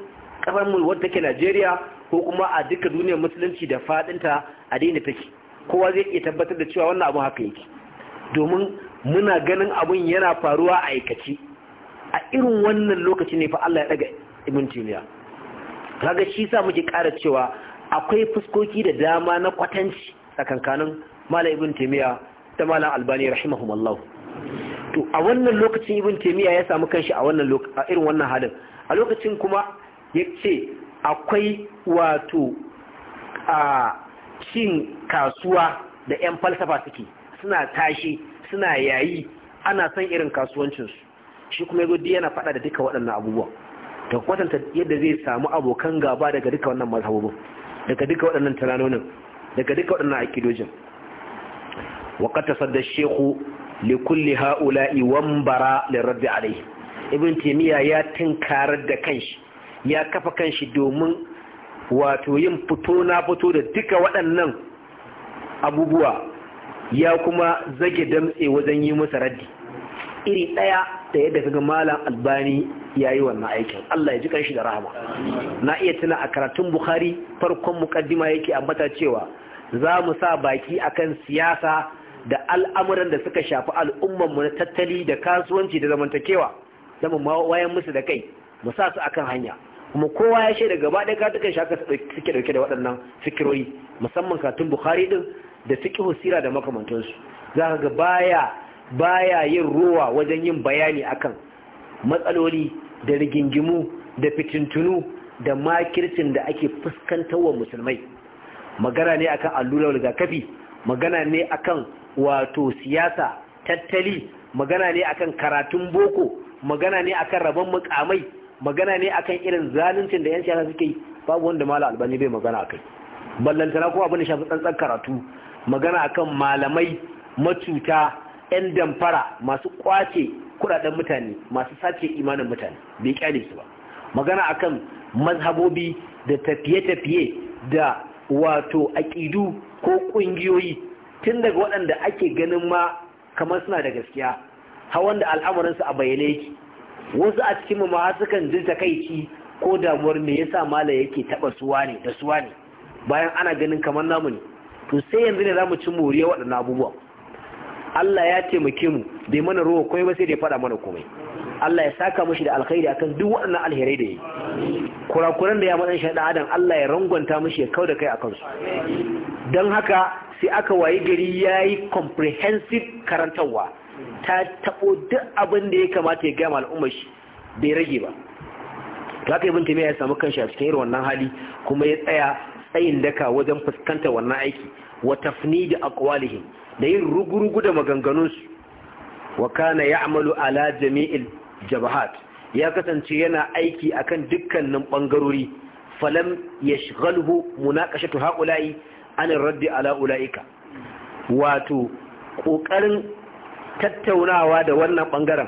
ƙasar mu wadda take najeriya ko kuma a duka duniyar musulunci da faɗinta a daina take kowa zai iya tabbatar da cewa wannan abin haka yake domin muna ganin abun yana faruwa a aikace a irin wannan lokaci ne fa Allah ya ɗaga. ibn timiya kaga shi sa muke ƙara cewa akwai fuskoki da dama na kwatanci tsakankanin malam ibn timiya da malam albani rahimahumullah to a wannan lokacin ibn timiya ya samu kanshi a wannan a irin wannan halin a lokacin kuma ya ce akwai wato a cin kasuwa da 'yan falsafa suke suna tashi suna yayi ana son irin kasuwancinsu shi kuma ya yana faɗa da duka waɗannan abubuwan ta kwatanta yadda zai samu abokan gaba daga duka wannan mazhabobin, daga duka waɗannan tunanonin daga duka waɗannan akidojin wa qad shehu shaykhu li kulli ha'ula'i wa mbara li raddi alayhi ibn taymiya ya tinkarar da kanshi ya kafa kanshi domin wato yin fito na fito da duka waɗannan abubuwa ya kuma zage damtse wajen yi masa raddi iri ɗaya da yadda kaga malam albani ya yi wannan aikin Allah ya ji kanshi da rahama na iya tuna a karatun bukhari farkon mukaddima yake ambata cewa za mu sa baki akan siyasa da al'amuran da suka shafi mu na tattali da kasuwanci da zamantakewa da mu wayan musu da kai mu sa su akan hanya kuma kowa ya shaida gaba ɗaya ka tukan shaka suke ɗauke da waɗannan fikirori musamman karatun bukhari ɗin da fiqhu sira da makamantansu za ka ga baya baya yin rowa wajen yin bayani akan matsaloli da rigingimu da fitintunu da makircin da ake fuskantarwa musulmai magana ne akan allurar rigakafi magana ne akan wato siyasa tattali magana ne akan karatun boko magana ne akan rabon mukamai magana ne akan irin zaluncin da 'yan siyasa suke yi babu wanda mala albani bai magana akai ballantana ko abin da shafi tsantsan karatu magana akan malamai matuta 'yan damfara masu kwace kudaden mutane masu sace imanin mutane bai kyale su ba magana akan mazhabobi da tafiye-tafiye da wato aƙidu ko ƙungiyoyi tun daga waɗanda ake ganin ma kamar suna da gaskiya hawan da al'amuransu a bayyane yake wasu a cikin ma sukan ji takaici ko damuwar me yasa mala yake taba suwa ne da suwa ne bayan ana ganin kamar namu ne to sai yanzu ne za mu ci moriya waɗannan abubuwan Allah ya taimake mu bai mana ruwa komai ba sai da ya faɗa mana komai Allah ya saka mashi da alkhairi akan duk waɗannan alherai da yi kurakuran da ya matsan shi da adam Allah ya rangwanta mashi ya kauda kai akan su don haka sai aka wayi gari yayi comprehensive karantarwa ta tabo duk abin da ya kamata ya gama al'ummar shi bai rage ba haka binta taymiya ya samu kanshi a cikin irin wannan hali kuma ya tsaya tsayin daka wajen fuskantar wannan aiki wa da aqwalihim da yin rugurugu da maganganunsu wa kana ya'malu ala jami'il jabahat ya kasance yana aiki akan dukkanin bangarori falam yashghalhu munaqashatu haula'i an raddi ala ulaika wato ƙoƙarin tattaunawa da wannan bangaren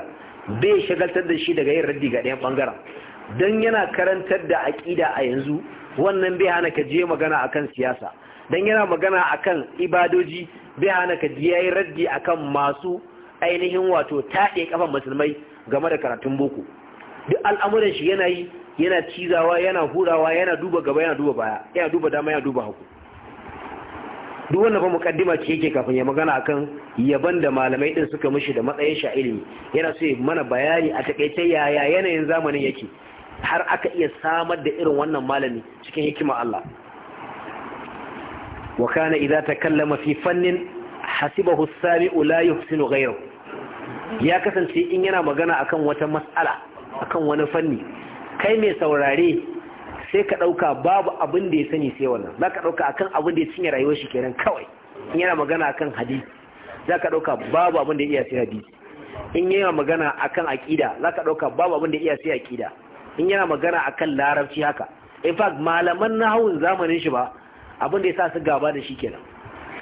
bai shagaltar da shi daga yin raddi ga ɗayan bangaren don yana karantar da aƙida a yanzu wannan bai hana ka je magana akan siyasa don yana magana akan ibadoji bai hana ka ya yi raddi akan masu ainihin wato taɗe kafan musulmai game da karatun boko duk al'amuran shi yana yi yana cizawa yana hurawa yana duba gaba yana duba baya yana duba dama yana duba hagu duk wannan ba mukaddima ce yake kafin ya magana akan yaban da malamai din suka mishi da matsayin shi a ilimi yana so mana bayani a takaice yaya yanayin zamanin yake har aka iya samar da irin wannan malami cikin hikima Allah wa kana idza takallama fi fannin hasibahu Sami, samiu la yuhsinu ghayrahu ya kasance in yana magana akan wata mas'ala akan wani fanni kai mai saurare sai ka dauka babu abin da ya sani sai wannan Za ka dauka akan abin da ya cinye rayuwar shi kenan kawai in yana magana akan hadisi ka dauka babu abin da ya iya sai hadisi in yana magana akan aqida Za ka dauka babu abin da ya iya sai aqida in yana magana akan larabci haka in fact malaman nahawun zamanin shi ba abin da ya sa su gaba da shi kenan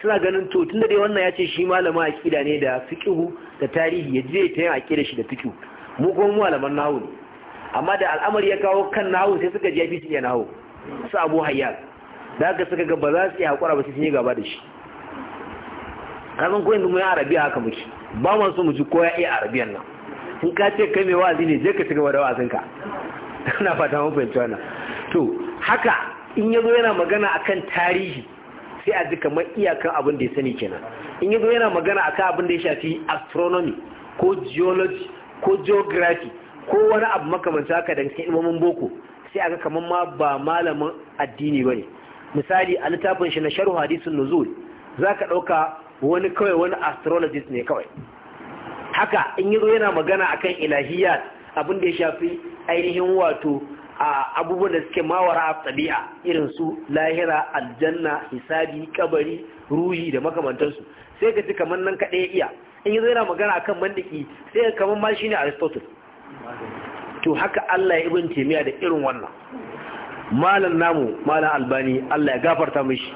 suna ganin to tunda dai wannan ya ce shi malama akida ne da fiqhu da tarihi ya je ta yin akida shi da fiqhu mu kuma mu malaman nahu ne amma da al'amari ya kawo kan nahu sai suka je su iya nahu su abu hayyar, da haka suka ga ba za su iya hakura ba sai sun yi gaba da shi kazan koyin da mu yi arabiya haka muke ba mu so mu ji ko ya iya arabiyan nan in ka ce kai mai wa'azi ne je ka ci gaba da wa'azinka ina fata mun fahimci wannan to haka in yazo yana magana akan tarihi sai a ji kamar iyakan abin da ya sani kenan in yazo yana magana akan abin da ya shafi astronomy ko geology ko geography ko wani abu makamanci haka da cikin ilmomin boko sai aga kamar ma ba malamin addini bane misali a littafin shi na sharhu hadisin nuzul zaka ɗauka wani kawai wani astrologist ne kawai haka in yazo yana magana akan ilahiyat abin da ya shafi ainihin wato A abubuwan da suke mawara a tabi'a irin su lahira aljanna hisabi kabari ruhi da makamantansu sai ka ji kamar nan kaɗai ya iya in yi zaina magana a kan mandiki sai ka kamar ma ne aristotle to haka allah ya ibin temiya da irin wannan malam namu malam albani allah ya gafarta mishi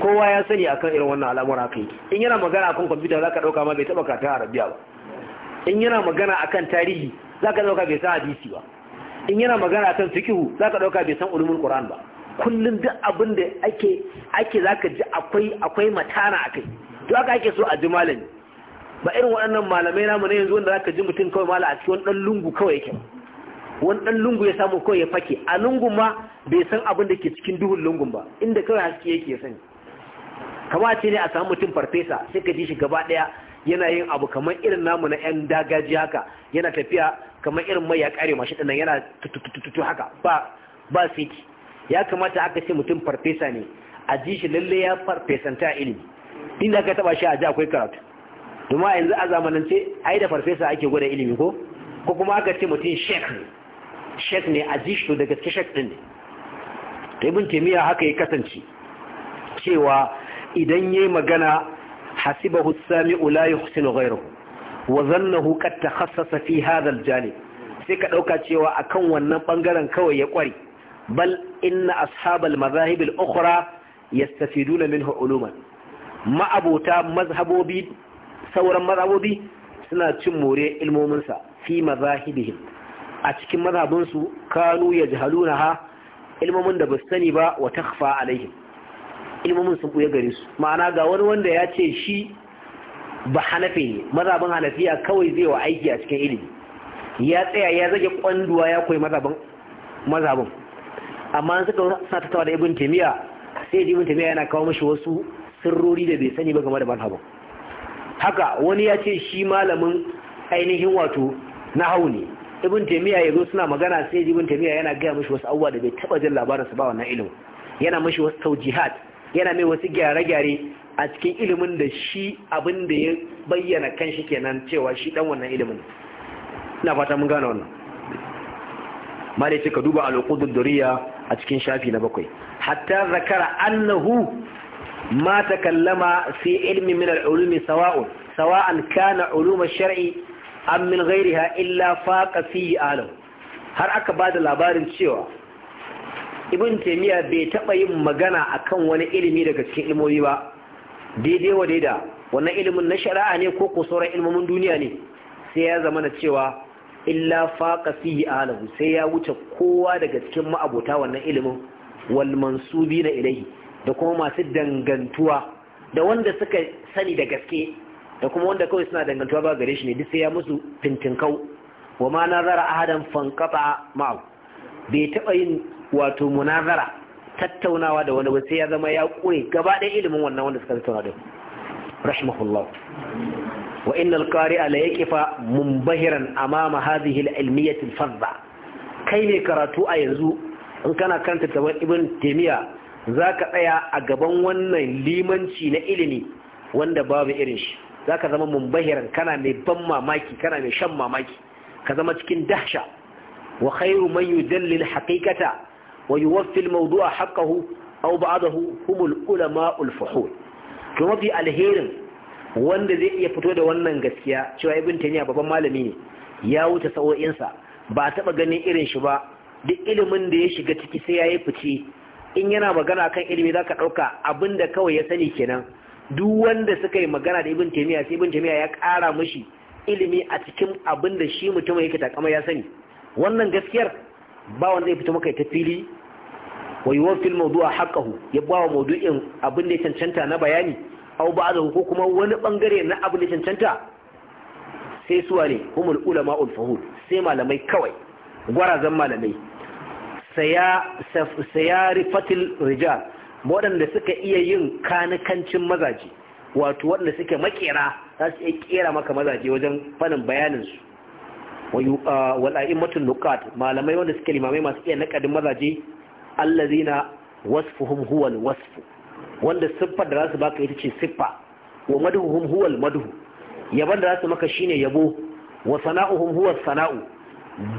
kowa ya sani akan irin wannan al'amura kai in yana magana akan kwamfuta za ka ɗauka ma bai taɓa karatun arabiya ba in yana magana akan tarihi za ka ɗauka bai san hadisi ba in yana magana a kan fikihu ka dauka bai san ulumin qur'an ba kullum duk abin da ake ake ka ji akwai akwai matana kai, to aka ake so a ji malami ba irin waɗannan malamai namu ne yanzu wanda za ka ji mutum kawai mala a cikin ɗan lungu kawai yake wani ɗan lungu ya samu kawai ya fake a lungun ma bai san abin da ke cikin duhun lungun ba inda kawai haske yake sani kama ce ne a samu mutum farfesa sai ka ji shi gaba ɗaya yana yin abu kamar irin namu na yan dagaji haka yana tafiya kamar irin mai ya kare mashi dinnan yana tututututu haka ba ba fiti ya kamata aka ce mutum farfesa ne a ji shi lalle ya farfesanta ilimi inda ka taba shi a ji akwai karatu domin yanzu a zamanance ai da farfesa ake gwada ilimi ko ko kuma aka ce mutum shek ne shek ne a ji shi to da gaske shek din ne ta ibn taymiya haka ya kasance cewa idan yayi magana hasibahu sami'u la yuhsinu ghayruhu wa zannahu qad takhassasa fi hadha aljanib sai ka dauka cewa akan wannan bangaren kawai ya kware bal inna ashabal madahib al-ukhra yastafiduna minhu uluman ma'abota mazhabobi sauran mazhabobi suna cin more sa fi mazahibihim a cikin su kanu ha ilmomin da ba sani ba wa takhfa alaihim ilmomin sun buya gare su ma'ana ga wani wanda ya ce shi ba hanafe ne mazhabin hanafiya kawai zai wa aiki a cikin ilimi ya tsaya ya zage kwanduwa ya koyi mazhabin mazhabin amma suka ta tattawa da ibn taymiya sai ibn taymiya yana kawo mashi wasu sirrori da bai sani ba game da mazhabin haka wani ya ce shi malamin ainihin wato na hau ne ibn ya zo suna magana sai ibn taymiya yana gaya mashi wasu abubuwa da bai taba jin labarin su ba wannan ilimin yana mashi wasu taujihat yana mai wasu gyare-gyare a cikin ilimin da shi abin da ya bayyana kan shi kenan cewa shi dan wannan ilimin ina fata mun gane wannan malai ce ka duba al-uqudud duriya a cikin shafi na bakwai hatta zakara annahu ma kallama fi ilmi min al-ulumi sawa'un sawa'an kana ulum shari am min ghayriha illa faqa fi alam har aka bada labarin cewa ibn taymiya bai taɓa yin magana akan wani ilimi daga cikin ilmomi ba daidai wa daida wannan ilimin na shari'a ne ko kusurar duniya ne sai ya zama na cewa illa faqa fihi alahu sai ya wuce kowa daga cikin ma'abota wannan ilimin wal na ilahi da kuma masu dangantuwa da wanda suka sani da gaske da kuma wanda kawai suna dangantuwa ba gare shi ne duk sai ya musu fintinkau wa ma nazara ahadan fanqata ma'u bai taba yin wato munazara tattaunawa da wani ba sai ya zama ya ƙure gaba ɗaya ilimin wannan wanda suka tattauna din rahimahullah wa innal qari'a la yaqifa mumbahiran amama hadhihi al-ilmiyyah al-fadha kai ne karatu a yanzu in kana karanta tawan ibn taymiya zaka tsaya a gaban wannan limanci na ilimi wanda babu irin shi zaka zama mumbahiran kana mai ban mamaki kana mai shan mamaki ka zama cikin dahsha wa khairu man yudallil haqiqata wa yuwaffi al-mawdu'a haqqahu aw ba'dahu humul ulama al-fuhul to mafi alherin wanda zai iya fito da wannan gaskiya cewa ibn taymiya babban malami ne ya wuce sa'o'insa ba taba ganin irin shi ba duk ilimin da ya shiga ciki sai yayi fice in yana magana kan ilimi zaka dauka abinda kawai ya sani kenan duk wanda suka yi magana da ibn taymiya sai ibn taymiya ya kara mishi ilimi a cikin abinda shi mutum yake takama ya sani wannan gaskiyar ba wanda ya fito maka ta fili wa yuwaffi al-mawdu'a haqqahu ya ba wa mawdu'in abin da ya cancanta na bayani aw ba'dahu ko kuma wani bangare na abin da ya cancanta sai suwa ne humul ul fahul sai malamai kawai gwarazan malamai sayari fatil rijal waɗanda suka iya yin kanikancin mazaje wato waɗanda suke makera za su iya kera maka mazaje wajen fannin bayaninsu wal nukat malamai wanda suke limamai masu iya nakadin mazaje allazina wasfuhum huwa wasfu wanda siffar da zasu baka ita ce siffa wa madhuhum huwa maduhu. yaban da zasu maka shine yabo wa sana'uhum huwa sana'u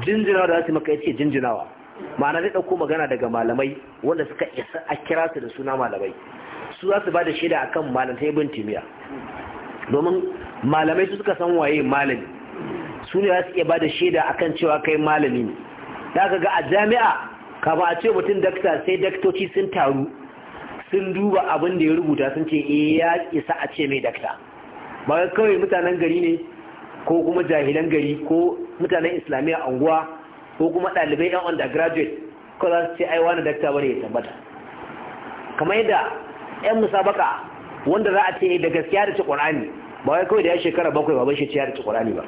jinjinawa da zasu maka ita ce jinjinawa ma'ana zai dauko magana daga malamai wanda suka isa a kira su da suna malamai su ba da shaida akan malamai bin timiya domin malamai su suka san waye malami su ne za su iya ba da shaida a kan cewa kai malami ne Za ka ga a jami'a kama a ce mutum dakta sai daktoci sun taru sun duba abin da ya rubuta sun ce eh ya isa a ce mai dakta ba kawai mutanen gari ne ko kuma jahilan gari ko mutanen islamiyya unguwa ko kuma ɗalibai yan undergraduate ko za su ce ai wani dakta bane ya tabbata kamar yadda yan musabaka wanda za a ce eh, da gaskiya da ci qur'ani ba wai kawai da ya shekara bakwai baban shi ce ya rike qur'ani ba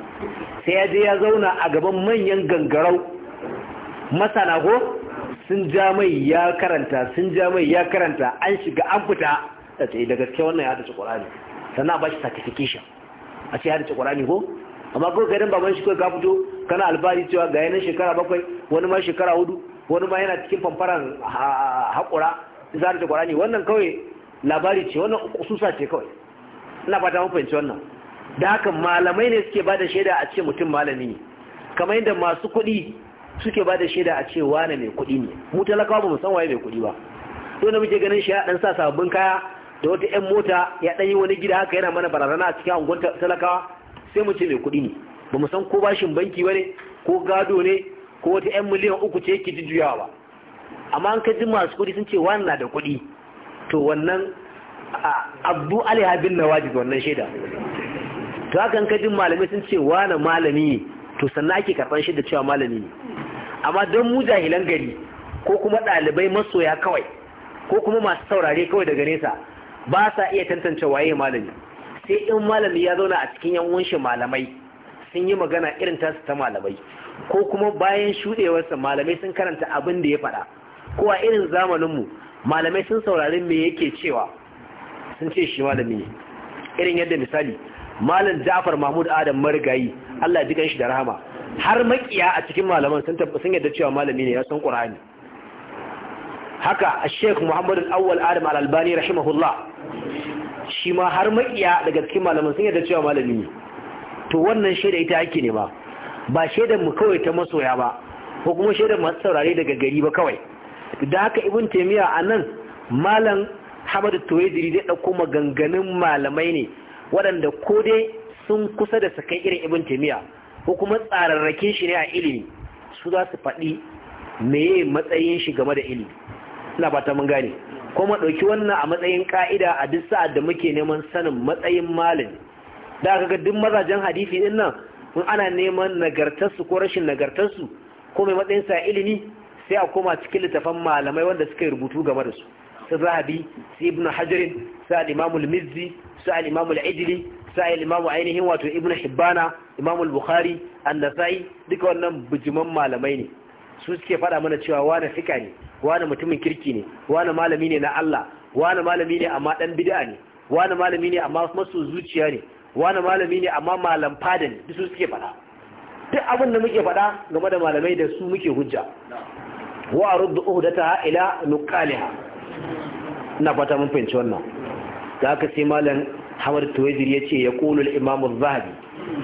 sai ya je ya zauna a gaban manyan gangarau masana ko sun ja mai ya karanta sun ja mai ya karanta an shiga an fita da ce eh, da gaske wannan ya hadace qur'ani sannan ba shi certification a ce hadace qur'ani ko amma ko garin baban shi kawai ka fito kana albari cewa ga yanan shekara bakwai wani ma shekara hudu wani ma yana cikin fanfaran haƙura za ta qur'ani wannan kawai labari ce wannan ƙususa ce kawai ina fata mun fahimci wannan da haka malamai ne suke da shaida a ce mutum malami ne kamar yadda masu kuɗi suke bada shaida a ce wane mai kuɗi ne mu talakawa ba mu waye mai kuɗi ba to na muke ganin shi ya dan sa sabbin kaya da wata yan mota ya dan yi wani gida haka yana mana barazana a cikin unguwar talakawa sai mu ce mai kuɗi ne ba mu san ko bashin banki bane ko gado ne ko wata yan miliyan uku ce yake jujjuyawa ba amma an ka ji masu kuɗi sun ce wani na da kuɗi to wannan abu alaiha bin wajib wannan shaida to hakan kajin malamai sun ce wane malami ne to sannan ake karban shaida cewa malami ne amma don mu jahilan gari ko kuma ɗalibai masoya kawai ko kuma masu saurare kawai daga nesa ba sa iya tantance waye malami sai in malami ya zauna a cikin yan wunshi malamai sun yi magana irin tasu ta malamai ko kuma bayan shuɗewarsa malamai sun karanta abin da ya faɗa ko a irin zamaninmu malamai sun saurari me yake cewa sun ce shi malami ne irin yadda misali malam Ja'far Mahmud Adam Marigayi Allah ya shi da rahama har makiya a cikin malaman sun sun yadda cewa malami ne ya san Qur'ani haka Sheikh Muhammad Al-Awwal Adam Al-Albani rahimahullah shi ma har makiya daga cikin malaman sun yadda cewa malami ne to wannan shaida ita ne ne ba shaidar mu kawai ta masoya ba ko kuma shaidar masu saurare daga gari ba kawai da haka ibn taymiya anan malam hamadu tuwaidiri zai ɗauko maganganun malamai ne waɗanda ko dai sun kusa da sakai irin ibn taimiyya ko kuma tsararrakin shi ne a ilimi su za su faɗi meye matsayin shi game da ilimi ina ba mun gane kuma ɗauki wannan a matsayin ka'ida a duk sa'ad da muke neman sanin matsayin malami da aka ga duk mazajen hadisi din nan kun ana neman nagartarsu ko rashin nagartarsu ko mai matsayin sa ilimi sai a koma cikin littafan malamai wanda suka rubutu game da su su zahabi su ibn hajar su al-imam mizzi su al-imam al su al-imam ainihin wato ibn hibbana Imamul bukhari an duka wannan bujiman malamai ne su suke faɗa mana cewa wani fika ne wani mutumin kirki ne wani malami ne na Allah wani malami ne amma dan bid'a ne wani malami ne amma masu zuciya ne wani malami ne amma malam fada ne su suke faɗa duk abin da muke faɗa game da malamai da su muke hujja wa ruddu uhdataha ila nuqaliha na fata mun fahimci wannan da aka sai malam hawar tuwazir ya ce ya kulu al-imam zahabi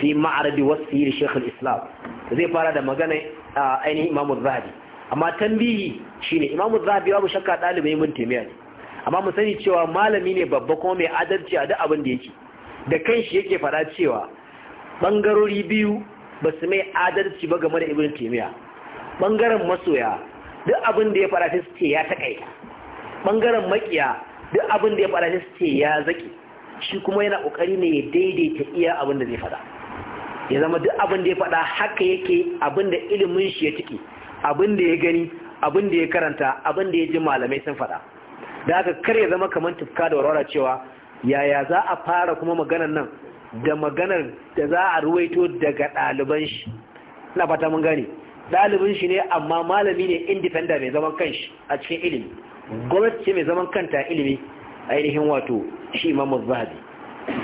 fi ma'aradi wasiyir shaykh al-islam zai fara da magana ainihin imam zahabi amma tambihi shine imam zahabi babu shakka dalibai mun taimiya ne amma mu sani cewa malami ne babba kuma mai adalci a duk abin da yake da kanshi yake fara cewa bangarori biyu ba su mai adalci ba game da ibn taimiya bangaren masoya duk abin da ya fara sai ya takaita bangaren makiya duk abin da ya fada shi ce ya zaki shi kuma yana kokari ne ya daidaita iya abin da zai faɗa ya zama duk abin da ya faɗa haka yake abin da ilimin shi ya ciki abin da ya gani abin da ya karanta abin da ya ji malamai sun faɗa da haka kar ya zama kamar tufka da warwara cewa yaya za a fara kuma maganar nan da maganar da za a ruwaito daga ɗaliban shi na fata mun gane ɗalibin shi ne amma malami ne independent mai zaman kanshi a cikin ilimi gwamnati ce mai zaman kanta ilimi ainihin wato shi imamu zahabi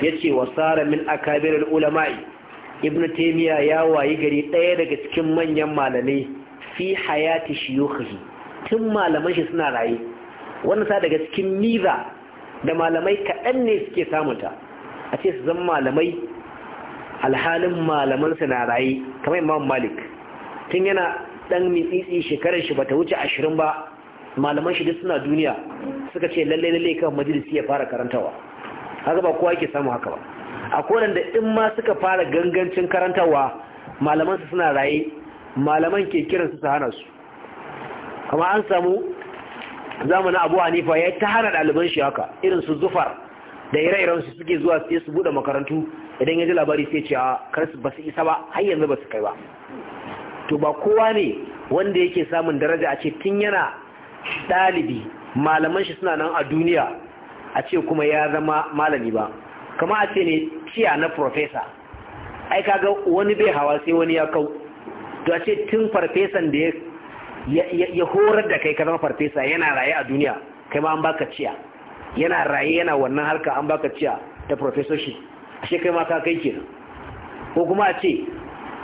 ya ce wa tsara min akabirar ulama'i ibn taimiyya ya wayi gari ɗaya daga cikin manyan malamai fi hayati shiyukhi tun malaman shi suna raye wannan sa daga cikin miza da malamai kaɗan ne suke samunta a ce su zama malamai alhalin malaman su na raye kamar imam malik tun yana ɗan mitsitsi shekarar shi bata wuce ashirin ba malaman shi duk suna duniya suka ce lalle lalle kan majalisi ya fara karantawa haka ba kowa yake samu haka ba A akwai da in ma suka fara gangancin karantawa malaman su suna raye malaman ke kiran su hana su kuma an samu zamani Abu Hanifa ya ta hana ɗaliban shi haka irin su zufar da ire-iren su suke zuwa sai su bude makarantu idan ya ji labari sai ce kar su basu isa ba har yanzu basu kai ba to ba kowa ne wanda yake samun daraja a ce tun yana ɗalibi malaman shi suna nan a duniya a ce kuma ya zama malami ba kama a ce ne ciya na profesa ai kaga wani bai hawa sai wani ya kau to a ce tun farfesan da ya horar da kai ka zama farfesa yana raye a duniya kai ma an baka ciya yana raye yana wannan harka an baka ciya ta profesoshi a ce kai ma ka kai kenan ko kuma a ce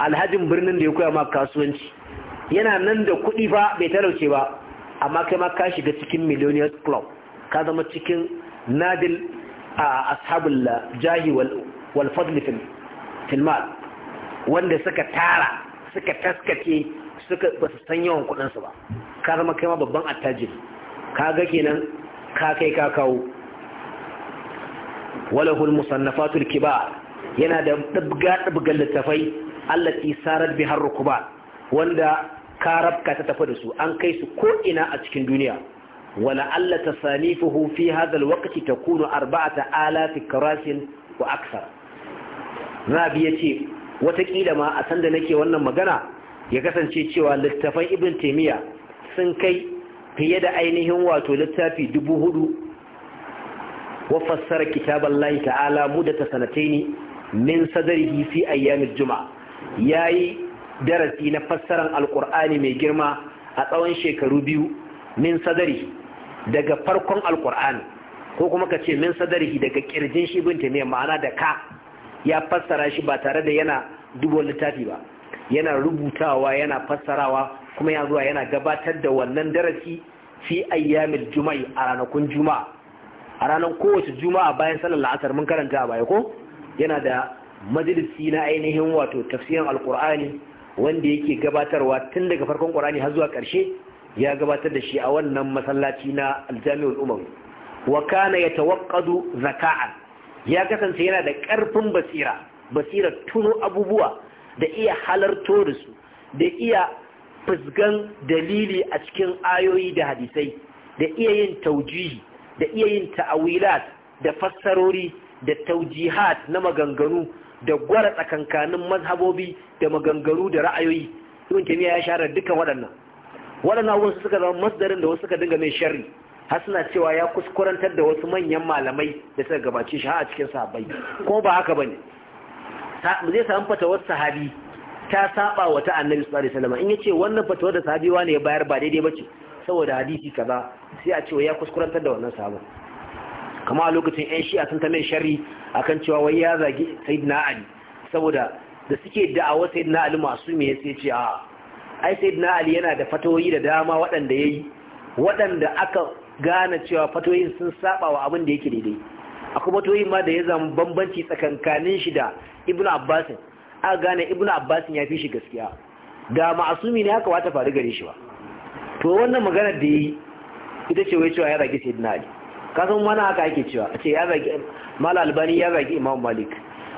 alhajin birnin da ya koya ma kasuwanci yana nan da kuɗi fa bai talauce ba amma kai ma ka shiga cikin millionaires club ka zama cikin nadil a ashabul jahi wal fadli fil mal wanda suka tara suka taskace suka ba su san yawan kudin su ba ka zama kai ma babban attajir ka ga kenan ka kai ka kawo walahul musannafatul kibar yana da dubga dubgan littafai allati sarat biha rukuba wanda Karabka ta tafi da su an kai su ko ina a cikin duniya wala alla tasanifuhu fi hadha kunu arba'a arba'ata alafi karasin wa aksar rabi ce, watakila ma a sanda nake wannan magana ya kasance cewa littafan ibn taymiya sun kai fiye da ainihin wato littafi dubu hudu wa fassara lahi ta'ala sanatai sanataini min sadarihi fi ayyamil juma'a yayi darasi na fassarar alkur'ani mai girma a tsawon shekaru biyu min sadari daga farkon alkur'ani ko kuma ka ce min sadari daga kirjin shi Binta mai ma'ana da ka ya fassara shi ba tare da yana dubo littafi ba yana rubutawa yana fassarawa kuma ya zuwa yana gabatar da wannan darasi fi ayyamil juma'i a ranakun juma'a a ranar kowace juma'a bayan sallar la'asar mun karanta a baya ko yana da majalisi na ainihin wato tafsirin alkur'ani wanda yake gabatarwa tun daga farkon qur'ani har zuwa ƙarshe, ya gabatar da shi a wannan masallaci na aljami'ul umar wa kana yatawaqqadu zaka'an ya kasance yana da ƙarfin basira basira tuno abubuwa da iya halarto da su da iya fusgan dalili a cikin ayoyi da hadisai da iya yin taujihi da iya yin ta'awilat da fassarori da taujihat na maganganu da gwara tsakankanin mazhabobi da maganganu da ra'ayoyi ibn taymiya ya share dukkan waɗannan waɗannan abubuwan suka zama masdarin da wasu suka dinga mai sharri har suna cewa ya kuskurantar da wasu manyan malamai da suka gabace shi a cikin sahabbai ko ba haka bane zai samu fatawar sahabi ta saba wa ta annabi sallallahu alaihi wasallam in yace wannan fatawar da sahabi wani ya bayar ba daidai bace saboda hadisi kaza sai a cewa ya kuskurantar da wannan sahabin kama a lokacin yan shi'a sun ta mai sharri akan cewa wai ya zagi sayyidina ali saboda da suke da'awa sayyidina ali masu me sai ce a ai sayyidina ali yana da fatoyi da dama waɗanda yayi waɗanda aka gane cewa fatoyin sun saba wa abin da yake daidai akwai fatoyi ma da ya zama bambanci tsakankanin shi da ibnu abbas a gane ibnu abbas ya fi shi gaskiya da ma'asumi ne haka wata faru gare shi ba to wannan magana da yayi ita ce wai cewa ya rage sayyidina ali kasan wani haka ake cewa a ce ya zagi mal albani ya zagi imam malik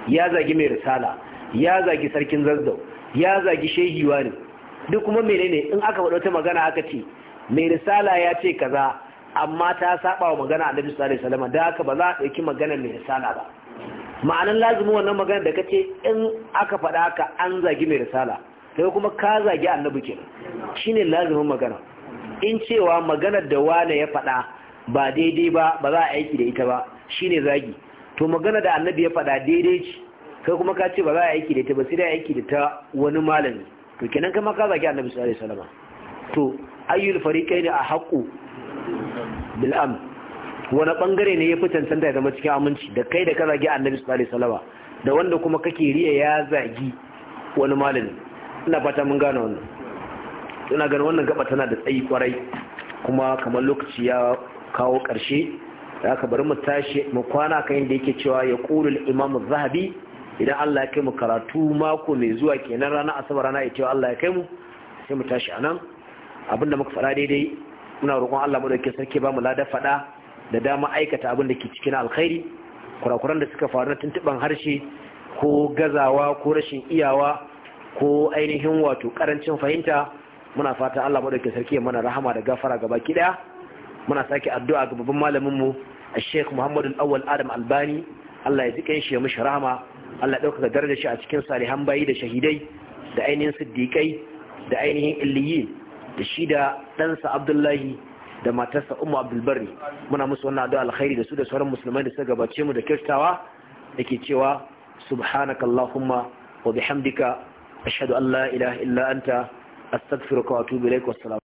ya zagi mai risala ya zagi sarkin zazzau ya zagi shehi wani duk kuma menene in aka faɗo ta magana aka ce mai risala ya ce kaza amma ta saba wa magana annabi sallallahu alaihi wasallam da haka ba za a ɗauki magana mai risala ba ma'anan lazumin wannan magana da kace in aka faɗa ka an zagi mai risala sai kuma ka zagi annabi kenan shine lazumin magana in cewa magana da wane ya faɗa ba daidai ba ba za a aiki da ita ba shine zagi to magana da annabi ya faɗa daidai ce kai kuma ka ce ba za a aiki da ita ba sai dai aiki da ta wani malami to kenan kama ka zagi annabi sallallahu alaihi wasallam to ayyul fariqain a haqqu bil am wani bangare ne ya fi cancanta ya zama cikin aminci da kai da ka zagi annabi sallallahu alaihi wasallam da wanda kuma kake riya ya zagi wani malami ina fata mun gane wannan ina ganin wannan gaba tana da tsayi kwarai kuma kamar lokaci ya kawo ƙarshe da aka bari mu tashi mu kwana kan yadda yake cewa ya ƙulul imam zahabi idan Allah ya kai mu karatu mako mai zuwa kenan rana asabar rana ya cewa Allah ya kai mu sai mu tashi a nan abinda muka faɗa daidai muna roƙon Allah mu dauke sarki ba mu lada faɗa da dama aikata abinda da ke cikin alkhairi kurakuran da suka faru na tuntuɓan harshe ko gazawa ko rashin iyawa ko ainihin wato ƙarancin fahimta muna fata Allah mu dauke sarki ya mana rahama da gafara gaba ki ɗaya muna sake addu'a ga babban malamin mu Sheikh Muhammad Al-Awwal Adam Albani Allah ya jike shi ya mishi rahama Allah ya dauka darajar shi a cikin salihan bayi da shahidai da ainihin siddiqai da ainihin illiyin da shi da ɗansa Abdullahi da matarsa Umma Abdul Barri muna musu wannan addu'a alkhairi da su da sauran musulmai da suka gabace mu da kirtawa dake cewa subhanakallahumma wa bihamdika ashhadu an la ilaha illa anta astaghfiruka wa atubu ilaik